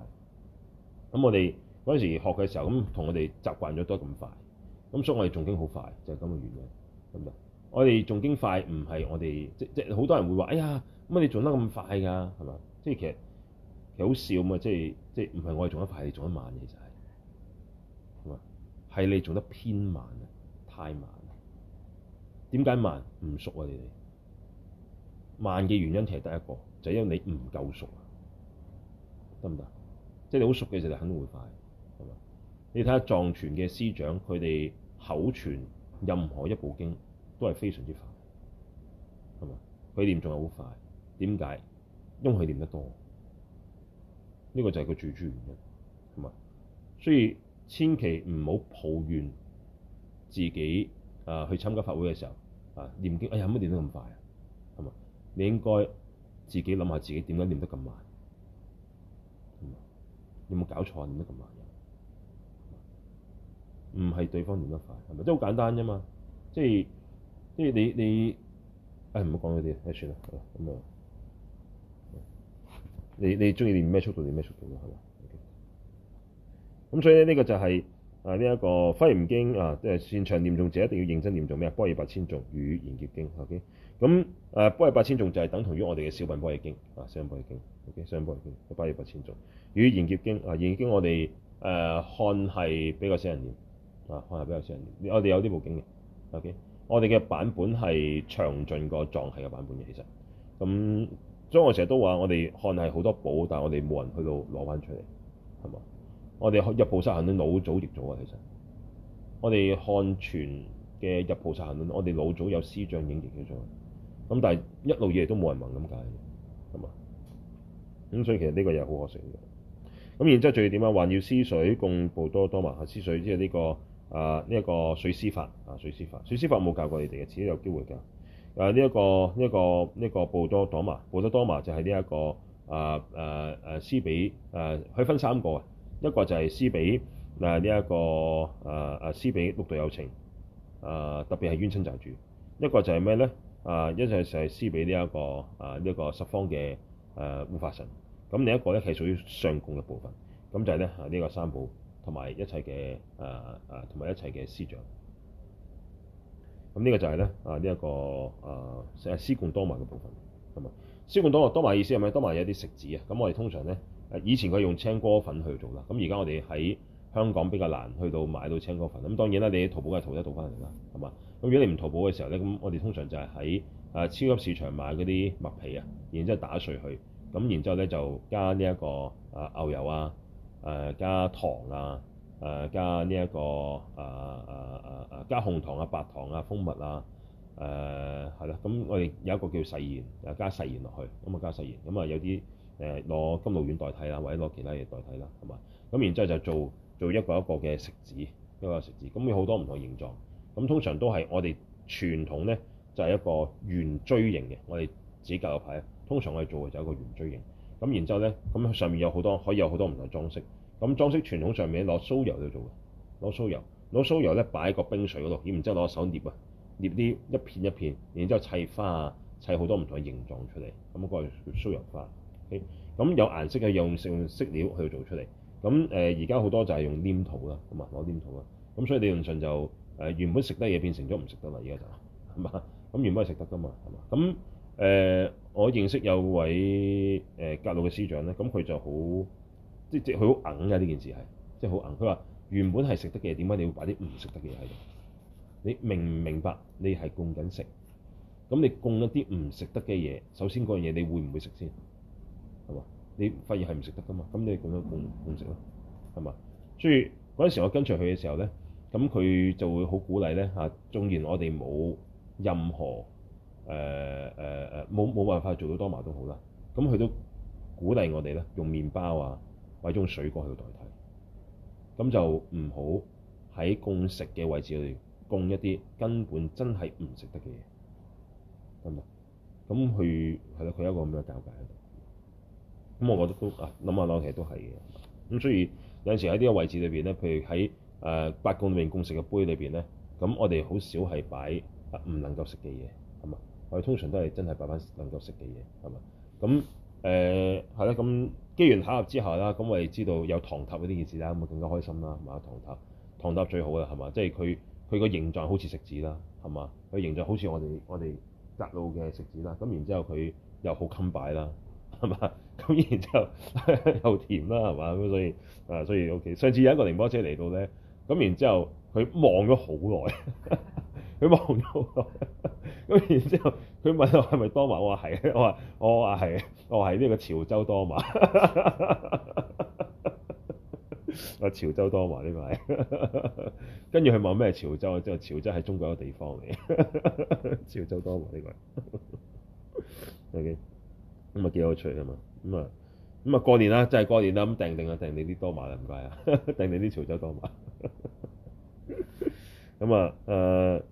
S1: 咁我哋嗰陣時學嘅時候，咁同我哋習慣咗都咁快，咁所以我哋誦經好快，就係咁嘅原因，得唔我哋仲經快，唔係我哋即即好多人會話，哎呀，乜你做得咁快㗎？啊，係嘛？即係其實其實好笑咁啊！即係即係唔係我哋做得快，你做得慢嘅就係，係嘛？係你做得偏慢啊，太慢啊！點解慢？唔熟啊！你哋慢嘅原因其實第一個，就係、是、因為你唔夠熟啊，得唔得？即係你好熟嘅時候，你肯定會快，係嘛？你睇下藏傳嘅師長，佢哋口傳任何一部經。都係非常之快，係咪？佢念仲係好快，點解？因為佢念得多，呢、這個就係佢最主要原因，係咪？所以千祈唔好抱怨自己啊、呃！去參加法會嘅時候啊，念經哎呀，乜念得咁快啊？係咪？你應該自己諗下自己點解念得咁慢，有冇搞錯啊？念得咁慢，唔係對方念得快，係咪、就是？即係好簡單啫嘛，即係。即係你你，你哎唔好講嗰啲啊！唉，算啦，好、嗯、啦，咁、嗯、啊、嗯，你你中意練咩速，速度，練咩速度啦，係、okay. 嘛、嗯？咁所以咧，呢個就係、是、啊呢一、這個《飛燕經》啊，即係擅長念誦者一定要認真念做咩啊？般若八千頌與賢劫經。OK，咁啊，般若八千頌就係等同於我哋嘅《小品般若經》啊，《小品般若經》OK，《小品般若經》嘅般若八千頌與賢劫經啊，已經我哋誒看係比較少人念啊，看係比較少人念。啊人念啊、人我哋有啲部經嘅 OK。我哋嘅版本係詳盡過藏系嘅版本嘅，其實咁，所以我成日都話我哋漢系好多寶，但係我哋冇人去到攞翻出嚟，係嘛？我哋《入菩薩行》都老早譯咗啊，其實我哋漢傳嘅《入菩薩行論》，我哋老早有師長影譯咗出嚟，咁但係一路以嚟都冇人問咁解嘅，係嘛？咁所以其實呢個嘢好可惜嘅，咁然之後仲要點啊？還要施水供、部多朵瑪？施水即係呢個。啊！呢、這、一個水師法啊，水師法，水師法冇教過你哋嘅，自己有機會教。誒呢一個呢一、這個呢一、這個、部多朵瑪部多朵瑪就係呢一個啊啊啊施比誒，可、啊、以分三個啊。一個就係施比誒呢一個啊啊施比六道有情啊，特別係冤親債主。一個就係咩咧？啊，一就係施比呢、這、一個啊呢一、這個十方嘅誒、啊、護法神。咁另一個咧係屬於上供嘅部分。咁就係咧呢一、這個三寶。同埋一切嘅誒誒，同、啊、埋一切嘅師長。咁、啊、呢、這個就係、是、咧啊呢一個誒誒，水供朵瑪嘅部分，係嘛？水供朵瑪，朵瑪意思係咪朵瑪有啲食子啊？咁、嗯、我哋通常咧誒，以前佢用青稞粉去做啦。咁而家我哋喺香港比較難去到買到青稞粉。咁、啊、當然啦，你喺淘寶係淘得到翻嚟啦，係嘛？咁、啊、如果你唔淘寶嘅時候咧，咁我哋通常就係喺誒超級市場買嗰啲麥皮啊，然之後打碎佢，咁然之後咧就加呢、這、一個誒、啊、牛油啊。誒、呃、加糖啊，誒、呃、加呢、這、一個誒誒誒誒加紅糖啊、白糖啊、蜂蜜啊，誒係啦。咁我哋有一個叫細鹽，又加細鹽落去，咁啊加細鹽，咁啊有啲誒攞甘露丸代替啦，或者攞其他嘢代替啦，係嘛？咁然之後就做做一個一個嘅食子，一個,一個食子，咁有好多唔同嘅形狀，咁通常都係我哋傳統咧就係、是、一個圓錐形嘅，我哋自己教嘅牌，通常我哋做嘅就係一個圓錐形。咁然之後咧，咁上面有好多可以有好多唔同裝飾。咁裝飾傳統上面攞酥油去做嘅，攞酥油，攞酥油咧擺喺個冰水嗰度，然之後攞手捏啊，捏啲一,一片一片，然之後砌花啊，砌好多唔同嘅形狀出嚟，咁嗰個酥油花。咁、okay? 有顏色嘅用食用色料去做出嚟。咁誒而家好多就係用黏土啦，咁啊攞黏土啊。咁所以理論上就誒、呃、原本食得嘢變成咗唔食得啦，而家就係、是、嘛，咁原本係食得噶嘛，係嘛，咁誒。呃我認識有位誒格魯嘅師長咧，咁佢就好，即係即係佢好硬嘅呢件事係，即係好硬，硬。佢話原本係食得嘅嘢，點解你要擺啲唔食得嘅嘢喺度？你明唔明白你？你係供緊食，咁你供一啲唔食得嘅嘢，首先嗰樣嘢你會唔會食先？係嘛？你發現係唔食得噶嘛？咁你供一供供食咯，係嘛？所以嗰陣時我跟住佢嘅時候咧，咁佢就會好鼓勵咧嚇，縱、啊、然我哋冇任何。誒誒誒，冇冇、呃呃、辦法做到多麻都好啦。咁佢都鼓勵我哋咧，用麪包啊，或者用水果去代替。咁就唔好喺供食嘅位置裏邊供一啲根本真係唔食得嘅嘢，得唔得？咁佢係咯，佢有一個咁嘅教戒喺度。咁我覺得都啊，諗下諗其實都係嘅。咁所以有陣時喺呢個位置裏邊咧，譬如喺誒、呃、八供裡供裏面供食嘅杯裏邊咧，咁我哋好少係擺唔能夠食嘅嘢，係嘛？佢通常都係真係擺翻能夠食嘅嘢，係嘛？咁誒係啦，咁、呃、機緣巧合之下啦，咁我哋知道有糖塔呢件事啦，咁更加開心啦，買糖塔。糖塔最好啦，係嘛？即係佢佢個形狀好似食指啦，係嘛？佢形狀好似我哋我哋隔路嘅食指啦，咁然之後佢又好襟擺啦，係嘛？咁然之後 (laughs) 又甜啦，係嘛？咁所以啊，所以，所以 OK。上次有一個零波車嚟到咧，咁然之後佢望咗好耐。 (laughs) 佢望咗我，咁然之後佢問我係咪朵瑪？我話係，我話我話係，我話係呢個潮州朵瑪。我、 (laughs) 啊、潮州朵瑪呢、這個係。跟住佢問咩潮州？即係潮州係中國一個地方嚟。 (laughs) 潮州朵瑪呢、這個，OK、嗯。咁啊幾有趣啊嘛！咁啊咁啊過年啦，就係過年啦，咁、嗯、訂定啊訂定啲朵瑪啦，唔該啊，訂定啲潮州朵瑪。咁啊誒。嗯呃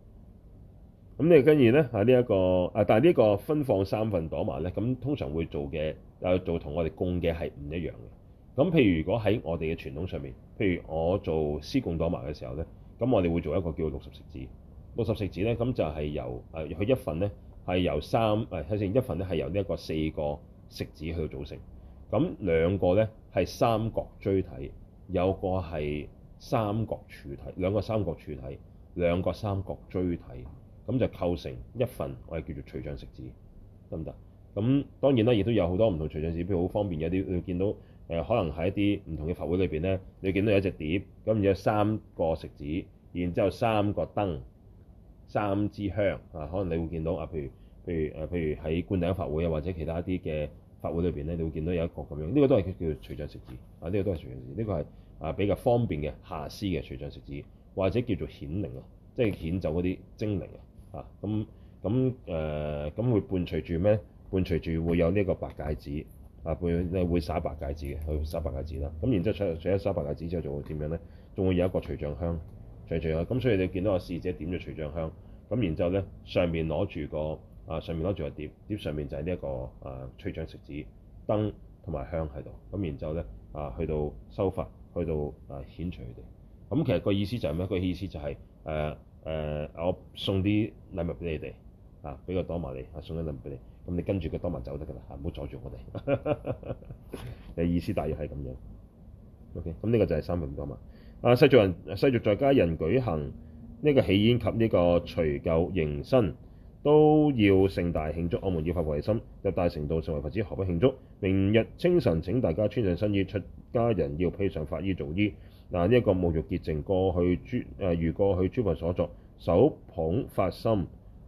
S1: 咁你跟住咧啊，呢一個啊，但係呢個分放三份朵瑪咧，咁通常會做嘅啊，做同我哋供嘅係唔一樣嘅。咁譬如如果喺我哋嘅傳統上面，譬如我做施供朵瑪嘅時候咧，咁我哋會做一個叫六十食子。六十食子咧，咁就係由啊佢一份咧係由三啊，佢剩一份咧係由呢一個四個食子去組成。咁兩個咧係三角錐體，有個係三角柱體，兩個三角柱體，兩個三角錐體。咁就構成一份我哋叫做除障食子得唔得？咁當然啦，亦都有好多唔同除障食子，譬如好方便嘅一啲，你會見到誒、呃，可能喺一啲唔同嘅法會裏邊咧，你見到有一隻碟，咁有三個食子，然之後三個燈，三支香啊，可能你會見到啊，譬如譬如誒，譬如喺灌頂法會啊，或者其他一啲嘅法會裏邊咧，你會見到有一個咁樣，呢、這個都係叫做「除障食子啊，呢、這個都係除障食子，呢、這個係啊比較方便嘅下師嘅除障食子，或者叫做遣靈啊，即係遣走嗰啲精靈啊。啊，咁咁誒，咁、呃、會伴隨住咩？伴隨住會有呢個白芥子，啊，會你會撒白芥子嘅，去撒白芥子啦。咁然之後，除除咗撒白芥子之後，仲會點樣咧？仲會有一個隨杖香，隨隨香。咁所以你見到個侍者點咗隨杖香，咁然之後咧，上面攞住個啊、呃，上面攞住個碟，碟上面就係呢一個啊，隨、呃、杖食子，燈同埋香喺度。咁然之後咧，啊，去到修法，去到啊，遣除佢哋。咁、啊、其實個意思就係咩？個意思就係、是、誒。啊啊啊啊誒、呃，我送啲禮物俾你哋，嚇、啊，俾個朵瑪你，啊，送啲禮物俾你，咁、啊、你跟住個朵瑪走得㗎啦，嚇、啊，唔好阻住我哋。嘅意思大約係咁樣。OK，咁、嗯、呢、這個就係三分朵瑪。啊，世俗人，世俗在家人舉行呢、這個起煙及呢個除舊迎新，都要盛大慶祝。我們要發菩提心，入大乘道成為佛子，何不慶祝？明日清晨請大家穿上新衣，出家人要披上法衣祖衣。嗱，呢一個沐浴潔淨，過去諸誒、呃、如過去諸佛所作，手捧發心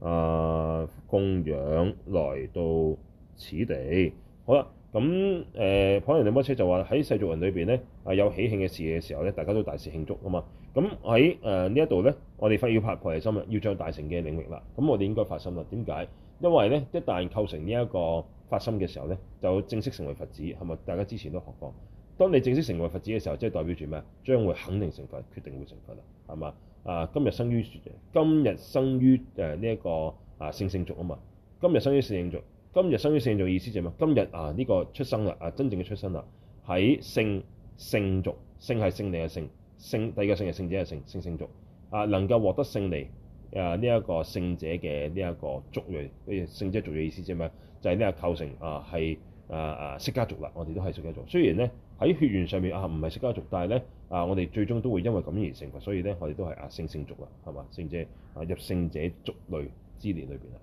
S1: 啊、呃、供養來到此地。好啦，咁誒帕繃喀仁波切就話喺世俗人裏邊咧啊有喜慶嘅事嘅時候咧，大家都大肆慶祝啊嘛。咁喺誒呢一度咧，我哋要發菩提心啦，要進入大乘嘅領域啦。咁我哋應該發心啦？點解？因為咧，一旦構成呢一個發心嘅時候咧，就正式成為佛子係咪？大家之前都學過。當你正式成為佛子嘅時候，即係代表住咩？將會肯定成佛，決定會成佛啦，係嘛、呃這個？啊，今日生於今日生於誒呢一個啊聖聖族啊嘛，今日生於聖聖族，今日生於聖聖族意思就係咩？今日啊呢個出生啦，啊真正嘅出生啦，喺聖聖族，聖係勝利嘅聖，聖第二個聖係聖者嘅聖，聖聖族啊能夠獲得勝利誒呢一個聖者嘅呢一個族裔，譬聖者族嘅意思即係咩？就係、是、呢個構成啊係啊啊釋迦族啦，我哋都係釋迦族，雖然咧。喺血緣上面啊，唔係釋迦族，但係咧啊，我哋最終都會因為咁而成佛，所以咧我哋都係阿聖聖族啦，係嘛？聖者啊，入聖者族類之列裏邊啊，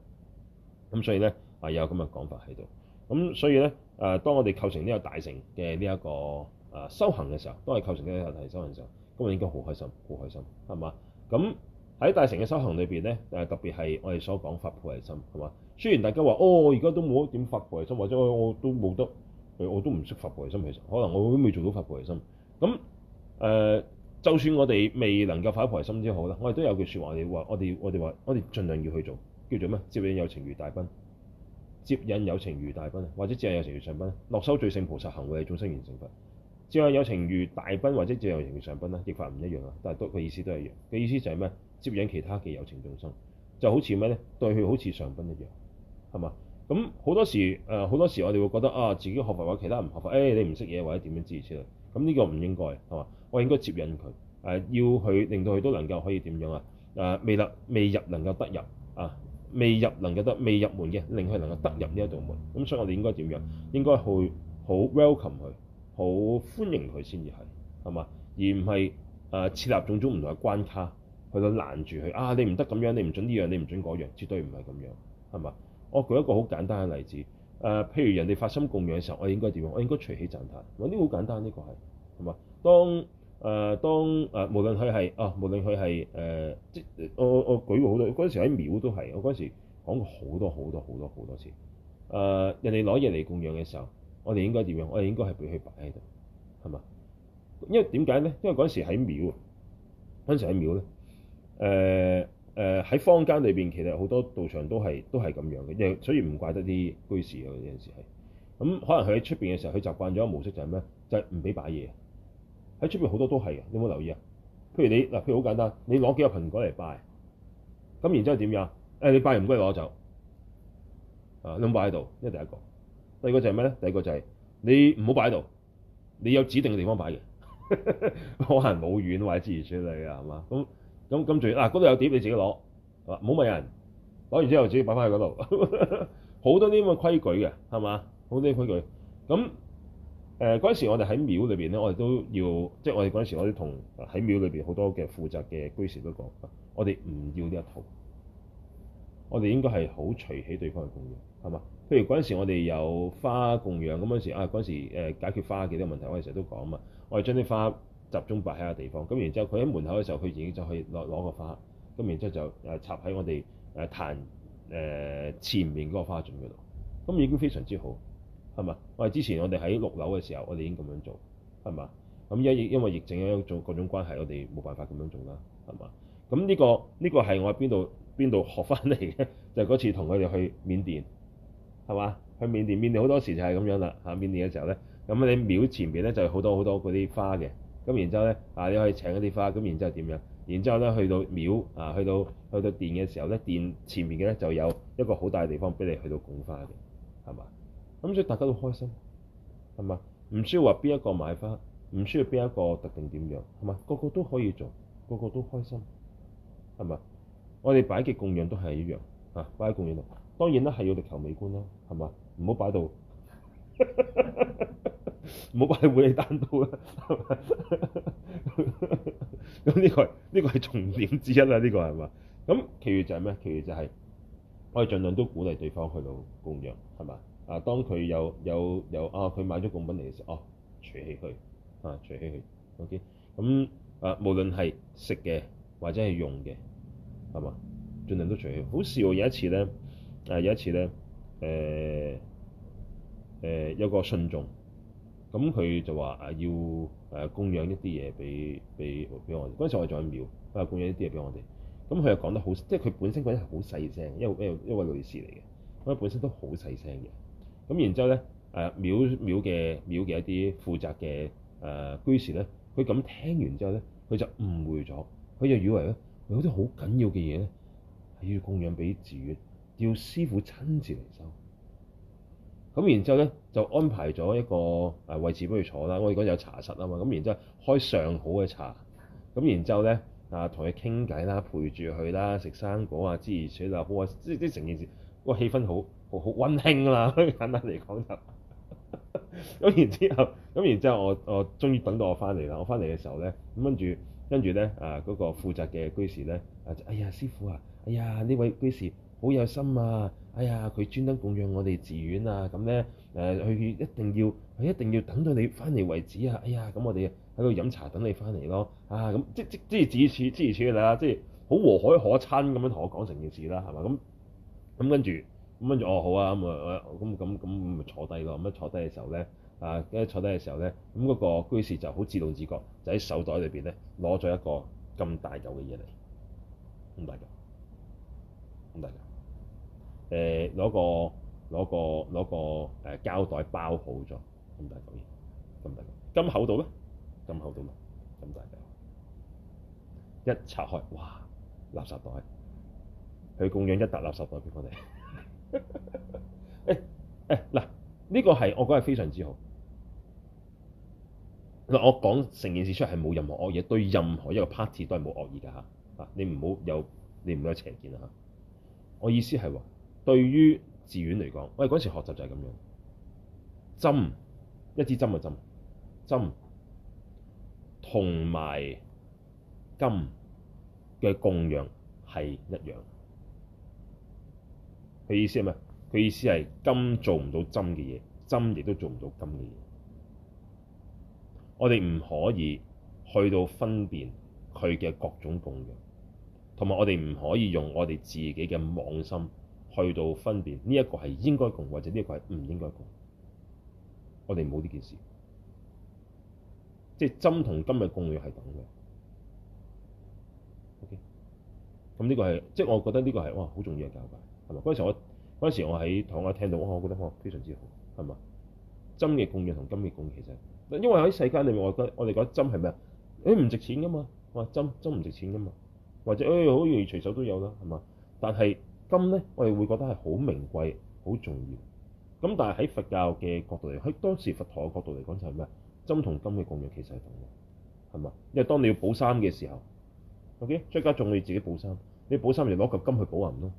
S1: 咁所以咧啊有咁嘅講法喺度。咁所以咧誒，當我哋構成呢個大乘嘅呢一個誒修行嘅時候，都係構成呢個大乘修行嘅時候，咁我應該好開心，好開心，係嘛？咁喺大乘嘅修行裏邊咧誒，特別係我哋所講發菩提心，係嘛？雖然大家話哦，而家都冇一點發菩提心，或者我都冇得。誒我都唔識發菩提心，其實可能我都未做到發菩提心。咁誒，就算我哋未能夠發菩提心之好啦，我哋都有句説話，你話我哋，我哋話我哋盡量要去做，叫做咩？接引有情如大賓，接引有情如大賓，或者接引有情如上賓。落修最勝菩薩行，為眾生圓成佛。接引有情如大賓，或者接引有情如上賓咧，亦法唔一樣啊，但係都個意思都係一樣。個意思就係咩？接引其他嘅有情眾生，就好似咩咧？對佢好似上賓一樣，係嘛？咁好多時，誒、呃、好多時，我哋會覺得啊，自己學佛或、哎、或者其他唔學佛，誒你唔識嘢或者點樣之類。咁呢個唔應該係嘛？我應該接引佢，誒、啊、要佢令到佢都能夠可以點樣啊？誒、啊、未入未入能夠得入啊，未入能夠得未入門嘅，令佢能夠得入呢一道門。咁所以我哋應該點樣、啊？應該去好 welcome 佢，好歡迎佢先至係係嘛？而唔係誒設立種種唔同嘅關卡，去到攔住佢啊！你唔得咁樣，你唔準呢樣，你唔準嗰樣，樣，絕對唔係咁樣係嘛？我舉一個好簡單嘅例子，誒、呃，譬如人哋發心供養嘅時候，我哋應該點樣？我應該除起讚嘆，嗰啲好簡單，呢個係，係嘛？當誒、呃，當誒，無論佢係啊，無論佢係誒，即、啊呃、我我我舉過好多，嗰陣時喺廟都係，我嗰陣時講過好多好多好多好多次，誒、呃，人哋攞嘢嚟供養嘅時候，我哋應該點樣？我哋應該係俾佢擺喺度，係嘛？因為點解咧？因為嗰陣時喺廟，嗰陣時喺廟咧，誒、呃。誒喺、呃、坊間裏邊，其實好多道場都係都係咁樣嘅，亦所以唔怪得啲居士啊，有陣時係咁。可能佢喺出邊嘅時候，佢習慣咗個模式就係咩？就係唔俾擺嘢。喺出邊好多都係嘅，你有冇留意啊？譬如你嗱，譬如好簡單，你攞幾個蘋果嚟拜，咁然之後點樣？誒、呃，你拜完唔該攞走，啊，唔好擺喺度。呢第一個，第二個就係咩咧？第二個就係、是、你唔好擺喺度，你有指定嘅地方擺嘅，好 (laughs) 行冇遠或者支持你啊，係嘛？咁。咁咁仲嗱，嗰度、啊、有碟你自己攞，係嘛？唔好問人，攞完之後自己擺翻去嗰度。好 (laughs) 多啲咁嘅規矩嘅，係嘛？好多啲規矩。咁誒嗰陣時我，我哋喺廟裏邊咧，我哋都要，即、就、係、是、我哋嗰陣時，我都同喺廟裏邊好多嘅負責嘅居士都講，我哋唔要呢一套，我哋應該係好隨喜對方嘅供養，係嘛？譬如嗰陣時我哋有花供養，咁嗰陣時啊，嗰陣時解決花幾多問題，我哋成日都講啊嘛，我哋將啲花，集中擺喺個地方咁，然之後佢喺門口嘅時候，佢已經就可以攞攞個花咁，然之後就誒插喺我哋誒壇誒前面嗰個花樽嗰度，咁已經非常之好係嘛？我哋之前我哋喺六樓嘅時候，我哋已經咁樣做係嘛？咁因因為疫情咧，做各種,各種關係，我哋冇辦法咁樣做啦，係嘛？咁、這、呢個呢、這個係我喺邊度邊度學翻嚟嘅， (laughs) 就係嗰次同佢哋去緬甸係嘛？去緬甸，緬甸好多時就係咁樣啦嚇。緬甸嘅時候咧，咁你廟前邊咧就好多好多嗰啲花嘅。咁然之後咧，啊你可以請一啲花，咁然之後點樣？然之後咧去到廟啊，去到去到殿嘅時候咧，殿前面嘅咧就有一個好大嘅地方俾你去到供花嘅，係嘛？咁所以大家都開心，係嘛？唔需要話邊一個買花，唔需要邊一個特定點樣，係嘛？個個都可以做，個個都開心，係咪？我哋擺嘅供養都係一樣，嚇、啊、擺喺供養度。當然啦，係要力求美觀啦，係嘛？唔好擺到。 (laughs) 冇幫你會你單刀啦，咁呢個呢個係重點之一啦。呢個係嘛咁，其餘就係咩？其餘就係我哋盡量都鼓勵對方去到供養，係嘛啊？當佢有有有啊，佢買咗供品嚟嘅時候，哦，除起佢啊，除起佢。O.K. 咁啊，無論係食嘅或者係用嘅，係嘛，盡量都除起。好少有一次咧啊，有一次咧，誒誒，有、呃呃、有個信眾。咁佢就話啊，要誒供養一啲嘢俾俾俾我哋，嗰陣時我仲喺廟，幫、啊、供養一啲嘢俾我哋。咁佢又講得好，即係佢本身嗰陣係好細聲，因為因為因為一位女士嚟嘅，咁本身都好細聲嘅。咁然之後咧，誒廟廟嘅廟嘅一啲負責嘅誒、呃、居士咧，佢咁聽完之後咧，佢就誤會咗，佢就以為咧，有啲好緊要嘅嘢係要供養俾寺院，要師父親自嚟收。咁然之後咧就安排咗一個誒位置俾佢坐啦。我哋嗰有茶室啊嘛，咁然之後開上好嘅茶，咁然之後咧啊同佢傾偈啦，陪住佢啦，食生果啊，之類之類，好啊！即即成件事，個氣氛好好好溫馨啦。簡單嚟講就咁，然之後咁，然之後我我終於等到我翻嚟啦。我翻嚟嘅時候咧，咁跟住跟住咧啊嗰個負責嘅居士咧啊，哎呀師父啊，哎呀呢位居士。好有心啊！哎呀，佢專登供養我哋寺院啊，咁咧誒佢一定要，佢一定要等到你翻嚟為止啊！哎呀，咁我哋喺度飲茶等你翻嚟咯。啊，咁即即即係至此，即係此啦，即係好和藹可親咁樣同我講成件事啦，係、嗯、嘛？咁咁跟住，咁跟住我好啊，咁啊咁咁咁咪坐低咯。咁樣坐低嘅時候咧，啊，跟住、嗯、坐低嘅時候咧，咁、啊、嗰、那個居士就好自動自覺，就喺、是、手袋裏邊咧攞咗一個咁大嚿嘅嘢嚟，咁大嚿，咁大嚿。誒攞、呃、個攞個攞個誒膠袋包好咗，咁大嚿嘢，咁大嚿金口到咩？金口到啦，咁大嚿一拆開，哇！垃圾袋佢供養一沓垃圾袋俾我哋。誒誒嗱，呢、欸呢個係我覺得係非常之好嗱。我講成件事出嚟係冇任何惡意，對任何一個 party 都係冇惡意㗎嚇。嗱，你唔好有你唔好有邪見啊嚇。我意思係話。對於寺院嚟講，我哋嗰時學習就係咁樣，針一支針嘅針，針同埋金嘅供養係一樣。佢意思係咩？佢意思係金做唔到針嘅嘢，針亦都做唔到金嘅嘢。我哋唔可以去到分辨佢嘅各種供養，同埋我哋唔可以用我哋自己嘅妄心。去到分辨呢一、這個係應該供，或者呢一個係唔應該供。我哋冇呢件事，即係針同金嘅供養係等嘅。OK，咁、嗯、呢、這個係即係我覺得呢個係哇好重要嘅教法，係嘛？嗰陣時我嗰陣時我喺堂嗰度聽到，我覺得哇非常之好，係嘛？針嘅供養同金嘅供養其實，因為喺世間裡面我我哋覺得針係咩啊？誒唔、哎、值錢噶嘛，哇針針唔值錢噶嘛，或者誒、哎、好容易隨手都有啦，係嘛？但係。金咧，我哋會覺得係好名貴、好重要。咁但係喺佛教嘅角度嚟，喺當時佛陀嘅角度嚟講就係咩？針同金嘅供養其實係同嘅，係嘛？因為當你要補衫嘅時候，O.K. 店加仲要自己補衫，你補衫咪攞嚿金去補銀咯？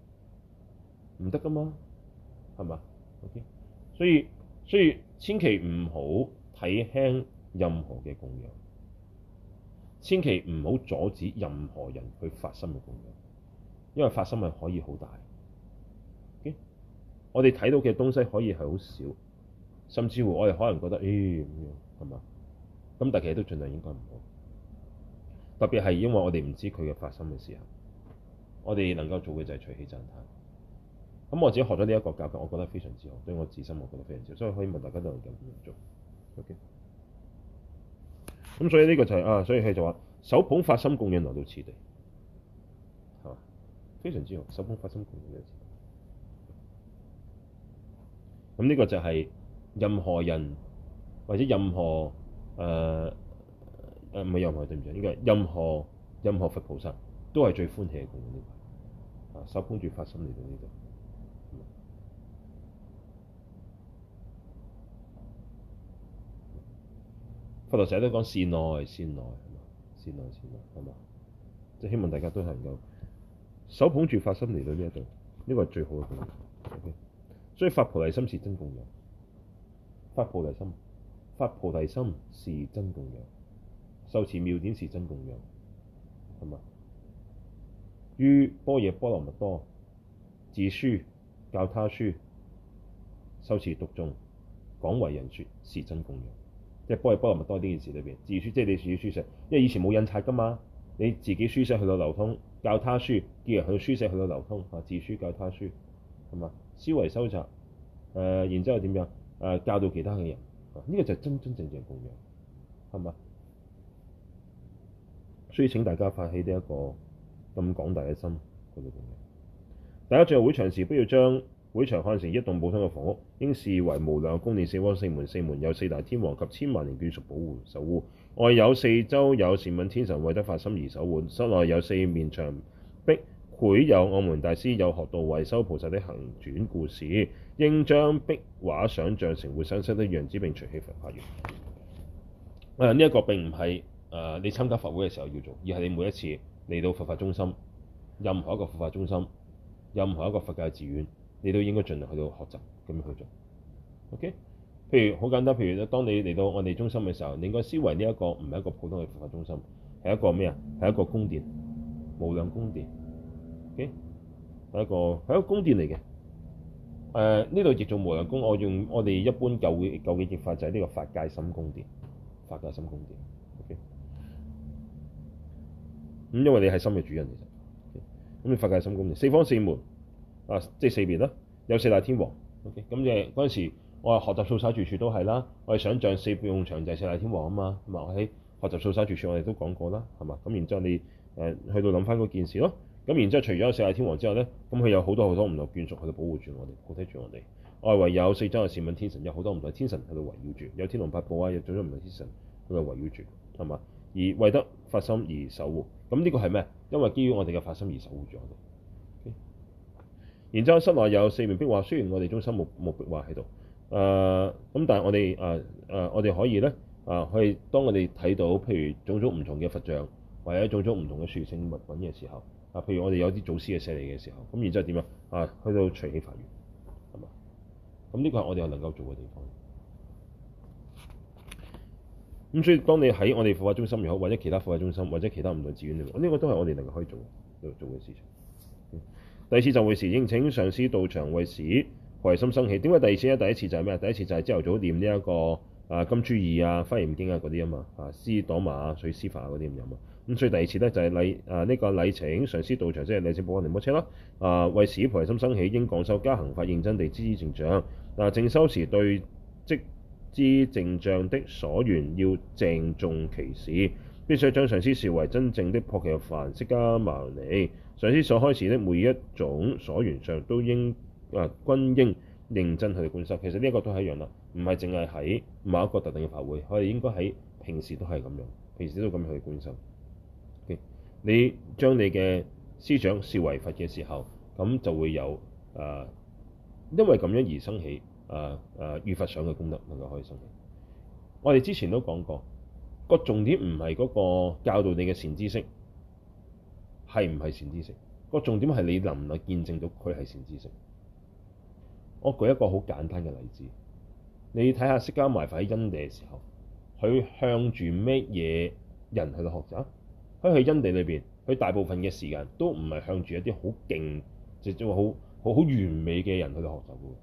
S1: 唔得噶嘛，係嘛？O.K. 所以所以千祈唔好睇輕任何嘅供養，千祈唔好阻止任何人去發生嘅供養。因為發心係可以好大，okay? 我哋睇到嘅東西可以係好少，甚至乎我哋可能覺得，咦咁樣係嘛？咁但係其實都盡量應該唔好，特別係因為我哋唔知佢嘅發心嘅時候，我哋能夠做嘅就係隨喜讚嘆。咁、嗯、我自己學咗呢一個教法，我覺得非常之好，對我自身我覺得非常之好，所以可以問大家做唔做？OK。咁所以呢個就係、是、啊，所以佢就話：手捧發心供養來到此地。非常之好，手捧發心供養呢一次。咁呢個就係任何人或者任何誒誒唔係任何人，對唔住，應該係任何任何佛菩薩都係最歡喜嘅供養呢個。啊，手捧住發心嚟到呢度。佛陀成日都講善來善來，善來善來，係嘛？即係希望大家都能夠。手捧住發心嚟到呢一度，呢個係最好嘅。Okay? 所以發菩提心是真供養，發菩提心，發菩提心是真供養，受持妙典是真供養，係嘛？於般若波羅蜜多自書教他書，受持讀誦廣為人説是真供養，即係般若波羅蜜多呢件事裏邊，自書即係你自己書寫，因為以前冇印刷噶嘛，你自己書寫去到流通。教他書，叫人去書寫，去到流通，自書教他書，係嘛？思維收集，誒、呃，然之後點樣？誒、呃，教到其他嘅人，呢、啊這個就係真真正正供養，係嘛？所以請大家發起呢一個咁廣大嘅心去供養。大家進入會場時，不要將會場看成一棟普通嘅房屋，應視為無量宮，四方四門四門，四門有四大天王及千萬名眷屬保護守護。外圍四周有善品天神為得發心而守護，室內有四面牆壁繪有我們大師有學道為修菩薩的行轉故事，應將壁畫想像成活生生的樣子並除氣，並隨喜發法願。呢、這、一個並唔係、呃、你參加法會嘅時候要做，而係你每一次嚟到佛法中心，任何一個佛法中心，任何一個佛教寺院，你都應該盡量去到學習，咁樣去做。OK。譬如好簡單，譬如咧，當你嚟到我哋中心嘅時候，你應該思維呢一個唔係一個普通嘅佛法中心，係一個咩啊？係一個宮殿，無量宮殿。O K，係一個係一個宮殿嚟嘅。誒，呢度亦做無量宮。我用我哋一般舊嘅舊嘅譯法就係呢個法界心宮殿，法界心宮殿。O K，咁因為你係心嘅主人，其實咁你法界心宮殿，四方四門啊，即係四邊啦，有四大天王。O K，咁嘅嗰陣時。我係學習素沙住處都係啦。我哋想像四用長陣四大天王啊嘛，係、嗯、嘛？我喺學習素沙住處，我哋都講過啦，係嘛？咁然之後你誒、呃、去到諗翻嗰件事咯。咁然之後除咗四大天王之外咧，咁佢有好多好多唔同眷屬喺度保護住我哋，護睇住我哋。外圍有四周嘅善品天神，有好多唔同天神喺度圍繞住，有天龍八部啊，有好多唔同天神喺度圍繞住，係嘛？而為得發心而守護，咁呢個係咩？因為基於我哋嘅發心而守護咗。Okay? 然之後室內有四面壁畫，雖然我哋中心冇冇壁畫喺度。誒咁、呃，但係我哋誒誒，我哋可以咧，誒、呃、去當我哋睇到，譬如種種唔同嘅佛像，或者種種唔同嘅樹性物品嘅時候，啊，譬如我哋有啲祖師嘅舍利嘅時候，咁、嗯、然之後點啊？啊，去到隨喜發願，係嘛？咁、嗯、呢、這個係我哋能夠做嘅地方。咁所以，當你喺我哋佛法中心又好，或者其他佛法中心，或者其他唔同寺院度，呢、這個都係我哋能夠可以做做做嘅事情。第二次集會時應請上師到場為時。培心生起，點解第二次咧？第一次就係咩啊？第一次就係朝頭早唸呢一個啊金珠二啊、花燕經啊嗰啲啊嘛，啊絲擋馬水司啊、碎絲法嗰啲咁飲嘛。咁所以第二次咧就係、是、禮啊呢、這個禮程。上司到場，即係禮請保安尼摩車啦。啊為使培心生起，應廣修加行法，認真地支知正障。嗱正修時對即知正像的所緣要正重其事，必須將上司視為真正的菩提凡息伽麻尼。上司所開始的每一種所緣上都應。啊！均應認真去觀修，其實呢一個都係一樣啦。唔係淨係喺某一個特定嘅法會，我哋應該喺平時都係咁樣，平時都咁樣去觀心。OK？你將你嘅師長視為佛嘅時候，咁就會有啊、呃，因為咁樣而生起啊啊遇佛想嘅功能，能夠可以生起。我哋之前都講過個重點唔係嗰個教導你嘅善知識係唔係善知識，個重點係你能唔能見證到佢係善知識。我舉一個好簡單嘅例子，你睇下釋迦牟尼佛喺因地嘅時候，佢向住咩嘢人喺度學習？喺喺因地裏邊，佢大部分嘅時間都唔係向住一啲好勁、直接好好好完美嘅人喺度學習嘅喎。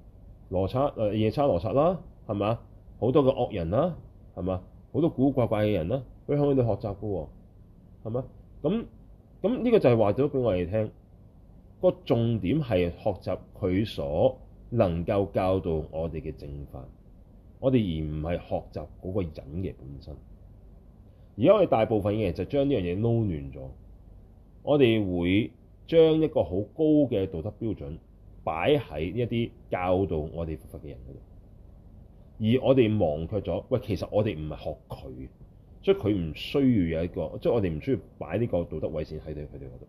S1: 羅剎誒夜叉羅剎啦，係嘛？好多嘅惡人啦、啊，係嘛？好多古怪怪嘅人啦、啊，佢向佢哋學習嘅喎、啊，係嘛？咁咁呢個就係話咗俾我哋聽，個重點係學習佢所能夠教導我哋嘅正法，我哋而唔係學習嗰個人嘅本身。而家我哋大部分嘅人就將呢樣嘢撈亂咗。我哋會將一個好高嘅道德標準擺喺呢一啲教導我哋佛法嘅人嗰度，而我哋忘卻咗喂，其實我哋唔係學佢，所以佢唔需要有一個，即係我哋唔需要擺呢個道德位線喺佢哋嗰度。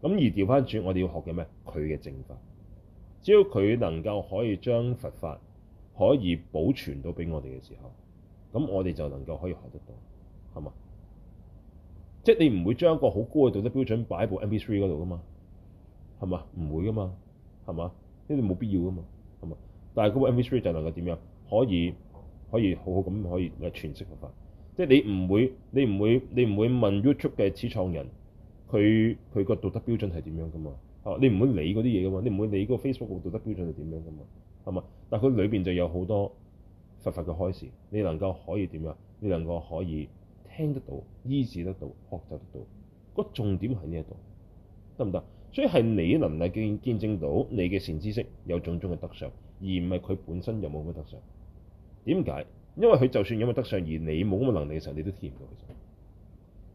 S1: 咁而調返轉，我哋要學嘅咩？佢嘅正法。只要佢能夠可以將佛法可以保存到俾我哋嘅時候，咁我哋就能夠可以學得到，係嘛？即係你唔會將一個好高嘅道德標準擺喺部 M P three 度噶嘛，係嘛？唔會噶嘛，係嘛？呢啲冇必要噶嘛，係嘛？但係嗰 M P three 就能夠點樣？可以可以好好咁可以詮釋佛法，即係你唔會你唔會你唔會問 YouTube 嘅始創人佢佢個道德標準係點樣噶嘛？你唔會理嗰啲嘢噶嘛？你唔會理會個 Facebook 個道德標準係點樣噶嘛？係嘛？但係佢裏邊就有好多佛法嘅開示，你能夠可以點樣？你能夠可以聽得到、意識得到、學習得到，個重點喺呢一度，得唔得？所以係你能力然見證到你嘅善知識有種種嘅德相，而唔係佢本身有冇咁嘅德相。點解？因為佢就算有咁嘅德相，而你冇咁嘅能力嘅時候，你都聽唔到。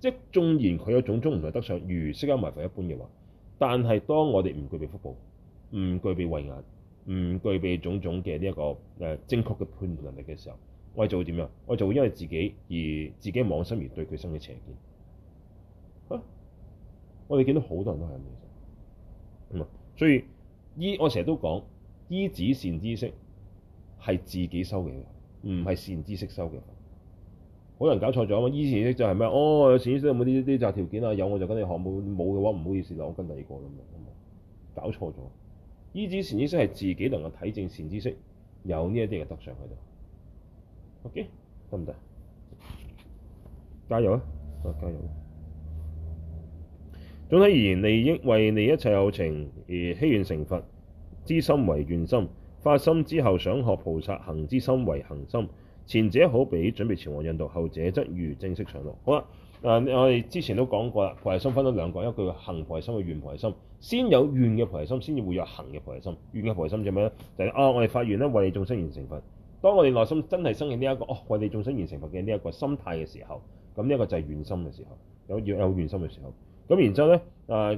S1: 其實，即係縱然佢有種種唔係德相，如釋迦埋佛一般嘅話。但係，當我哋唔具備福報、唔具備慧眼、唔具備種種嘅呢一個誒精確嘅判斷能力嘅時候，我哋就會點樣？我哋就會因為自己而自己妄心而對佢生嘅邪見。嚇！我哋見到好多人都係咁嚟嘅，咁、嗯、啊，所以依我成日都講，依止善知識係自己修嘅，唔係善知識修嘅。可能搞錯咗啊！依止善知識就係咩？哦，有善知識有冇呢啲啲習條件啊？有我就跟你學，冇冇嘅話唔好意思啦，我跟第二個啦咁啊！搞錯咗，依止善知識係自己能夠體證善知識有呢一啲嘅德上去度。OK，得唔得？加油啊！加油！總體而言，利益為利一切有情而希願成佛，之心為願心，發心之後想學菩薩行之心為行心。前者好比準備前往印度，後者則如正式上路。好啦，誒、呃、我哋之前都講過啦，菩提心分咗兩個，一個叫行菩提心，一個願菩提心。先有願嘅菩提心，先至會有行嘅菩提心。願嘅菩提心就係咩咧？就係、是、啊、哦，我哋發願咧，為利眾生願成佛。當我哋內心真係生起呢一個哦，為利眾生願成佛嘅呢一個心態嘅時候，咁呢一個就係願心嘅時候，有願有願心嘅時候。咁然之後咧，誒、呃、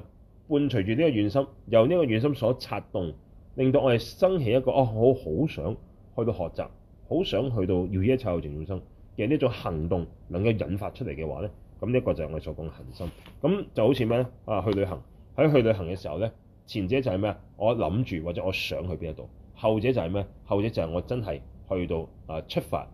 S1: 伴隨住呢個願心，由呢個願心所策動，令到我哋生起一個哦，我好，好，好，好，好想去到學習。好想去到要一切有情眾生嘅呢種行動能夠引發出嚟嘅話咧，咁呢個就係我哋所講嘅行心。咁就好似咩咧？啊，去旅行，喺去旅行嘅時候咧，前者就係咩啊？我諗住或者我想去邊一度，後者就係咩？後者就係我真係去到啊，出發，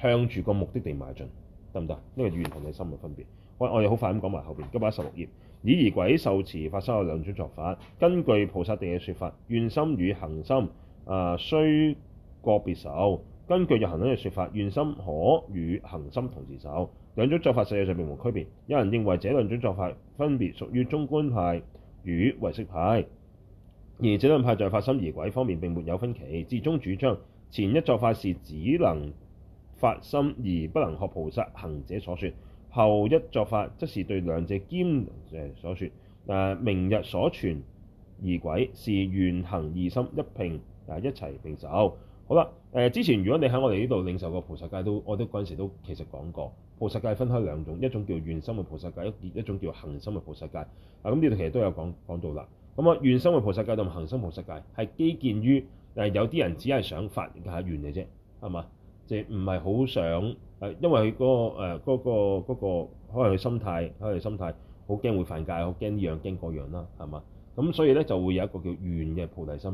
S1: 向住個目的地邁進，得唔得？呢、這個願同行心嘅分別。我，我哋好快咁講埋後邊。今日十六頁，以儀軌受持發心有兩種作法。根據菩薩地嘅說法，願心與行心啊，須各別受。根據入行論嘅說法，願心可與行心同時受，兩種作法實際上並無區別。有人認為這兩種作法分別屬於中觀派與唯識派，而這兩派在發心儀軌方面並沒有分歧。自宗主張前一作法是只能發心而不能學菩薩行者所說，後一作法則是對兩者俱能所說。但明日所傳儀軌，是願行二心一併，啊一齊並受。好啦，誒、呃、之前如果你喺我哋呢度領受過菩薩戒都，都我都嗰陣時都其實講過，菩薩戒分開兩種，一種叫願心嘅菩薩戒，一一種叫行心嘅菩薩戒。嗱咁呢度其實都有講講到啦。咁啊願心嘅菩薩戒同行心菩薩戒係基建於誒、呃、有啲人只係想發下願嘅啫，係嘛？即係唔係好想誒、呃，因為佢、那、嗰個誒嗰、呃那個那個那個那個、可能佢心態，可能心態好驚會犯戒，好驚呢樣驚嗰樣啦，係嘛？咁所以咧就會有一個叫願嘅菩提心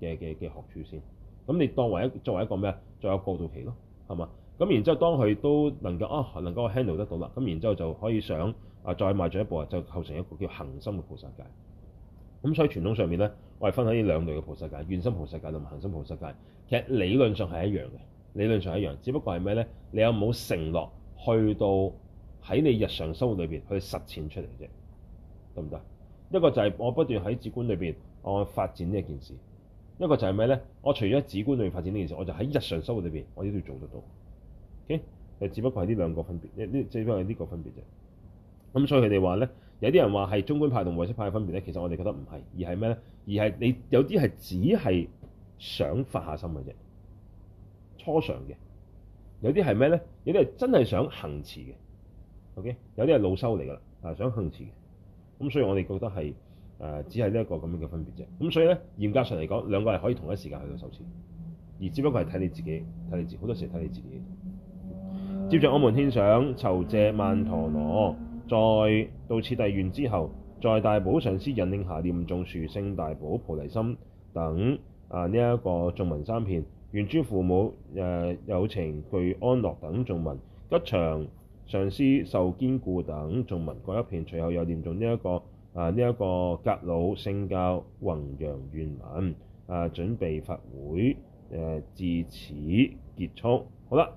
S1: 嘅嘅嘅學處先。咁你當為一作為一個咩啊？作為過渡期咯，係嘛？咁然之後當佢都能夠啊，能夠 handle 得到啦，咁然之後就可以想啊，再邁進一步啊，就構成一個叫行心嘅菩薩戒。咁所以傳統上面咧，我哋分喺呢兩類嘅菩薩戒：願心菩薩戒同行心菩薩戒。其實理論上係一樣嘅，理論上係一樣，只不過係咩咧？你有冇承諾去到喺你日常生活裏邊去實踐出嚟啫？得唔得？一個就係我不斷喺止觀裏邊我發展呢一件事。一個就係咩咧？我除咗喺止觀裡面發展呢件事，我就喺日常生活裏邊，我都要做得到。O K，就只不過係呢兩個分別，一呢只不過係呢個分別啫。咁所以佢哋話咧，有啲人話係中觀派同唯識派嘅分別咧，其實我哋覺得唔係，而係咩咧？而係你有啲係只係想發下心嘅啫，初常嘅。有啲係咩咧？有啲係真係想行持嘅。O、okay? K，有啲係老修嚟噶啦，啊想行持。咁所以我哋覺得係。誒只係呢一個咁樣嘅分別啫，咁所以咧，嚴格上嚟講，兩個係可以同一時間去到受持，而只不過係睇你自己，睇你自己，好多時睇你自己。自己嗯、接著我們獻上酬謝曼陀羅，在道次第願之後，在大寶上師引領下念誦殊勝大寶菩提心等啊呢一，這個頌文三遍，願諸父母誒有、啊、情具安樂等頌文，吉祥上師壽堅固等頌文各一遍，隨後又念誦呢一個。啊！呢、這、一個格魯聖教弘揚願文啊，準備法會誒、呃，至此結束。好啦，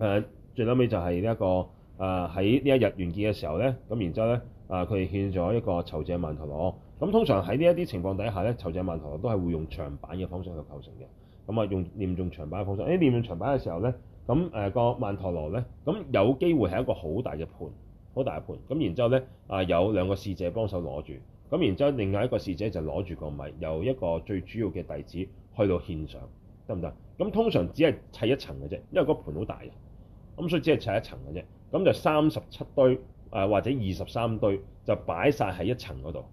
S1: 誒最後尾就係呢一個啊，喺呢、這個啊、一日完結嘅時候咧，咁然之後咧啊，佢哋獻咗一個酬謝曼陀羅。咁、啊、通常喺呢一啲情況底下咧，酬謝曼陀羅都係會用長板嘅方式去構成嘅。咁啊，用念用長板嘅方式，誒、哎、念用長板嘅時候咧，咁、啊、誒、啊這個曼陀羅咧，咁有機會係一個好大嘅盤。好大一盤咁，然之後咧啊，有兩個侍者幫手攞住，咁然之後，另外一個侍者就攞住個米，由一個最主要嘅弟子去到獻上，得唔得？咁通常只係砌一層嘅啫，因為嗰盤好大嘅，咁所以只係砌一層嘅啫。咁就三十七堆誒，或者二十三堆就擺晒喺一層嗰度，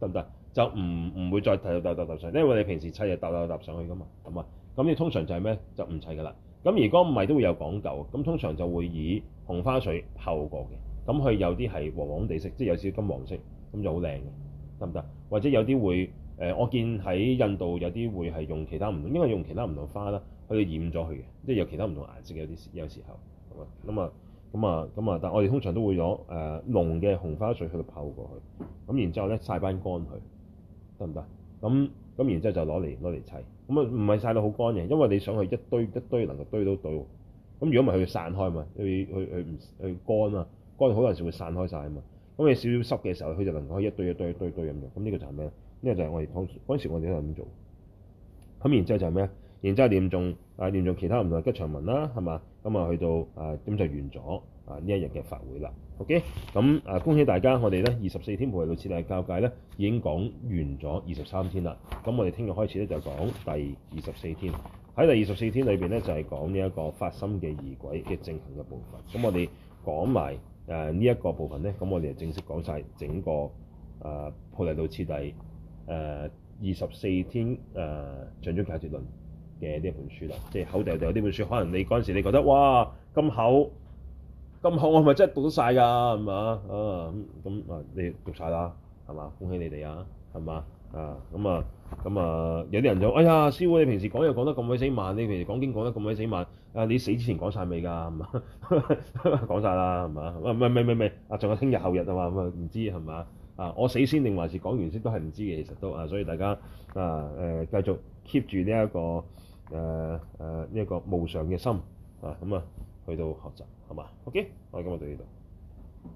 S1: 得唔得？就唔唔會再疊疊疊疊上，因為你平時砌嘢搭搭搭上去㗎嘛，係嘛？咁你通常就係咩？就唔砌㗎啦。咁如果米都會有講究，咁通常就會以紅花水泡過嘅。咁佢有啲係黃黃地色，即係有少少金黃色，咁就好靚嘅，得唔得？或者有啲會誒、呃，我見喺印度有啲會係用其他唔同，因為用其他唔同花啦，佢、欸、去染咗佢嘅，即係有其他唔同顏色嘅，有啲有時候咁啊咁啊咁啊，但我哋通常都會攞誒濃嘅紅花花水去度泡過去，咁然之後咧晒返乾佢，得唔得？咁、嗯、咁然之後就攞嚟攞嚟砌，咁啊唔係晒到好乾嘅，因為你想佢一堆一堆能夠堆到堆，咁如果唔係佢散開嘛，佢佢佢唔佢乾啊。乾好嗰陣時會散開晒啊嘛，咁你少少濕嘅時候，佢就能夠可以一堆一堆一堆一堆咁樣。咁呢個就係咩咧？呢個就係我哋嗰嗰陣時我哋都係咁做。咁然之後就係咩啊？然之後點種啊？點種其他唔同嘅吉祥紋啦，係嘛？咁啊去到啊咁就完咗啊呢一日嘅法會啦。OK，咁啊恭喜大家，我哋咧二十四天菩提道次第教誡咧已經講完咗二十三天啦。咁我哋聽日開始咧就講第二十四天。喺第二十四天裏邊咧就係講呢一個發心嘅儀軌嘅正行嘅部分。咁我哋講埋。誒呢一個部分咧，咁、嗯、我哋就正式講晒整個誒菩提道次第誒二十四天誒、呃、掌中解脫論嘅呢本書啦，即係口就就有呢本書，可能你嗰陣時你覺得哇咁厚咁厚，我係咪真係讀得晒㗎？係嘛啊，咁咁啊，你讀晒啦，係嘛？恭喜你哋啊，係嘛？啊，咁啊，咁、嗯、啊，有啲人就，哎呀，師傅，你平時講又講得咁鬼死慢，你平時講經講得咁鬼死慢，啊，你死之前講晒未㗎？係嘛，講晒啦係嘛？唔係唔係唔係唔係，啊，仲有聽日後日啊嘛，唔知係嘛？啊，我死先定還是講完先都係唔知嘅，其實都啊，所以大家啊誒、呃、繼續 keep 住呢、這、一個誒誒呢一個無常嘅心啊，咁啊去到學習係嘛？OK，我哋今日到呢度。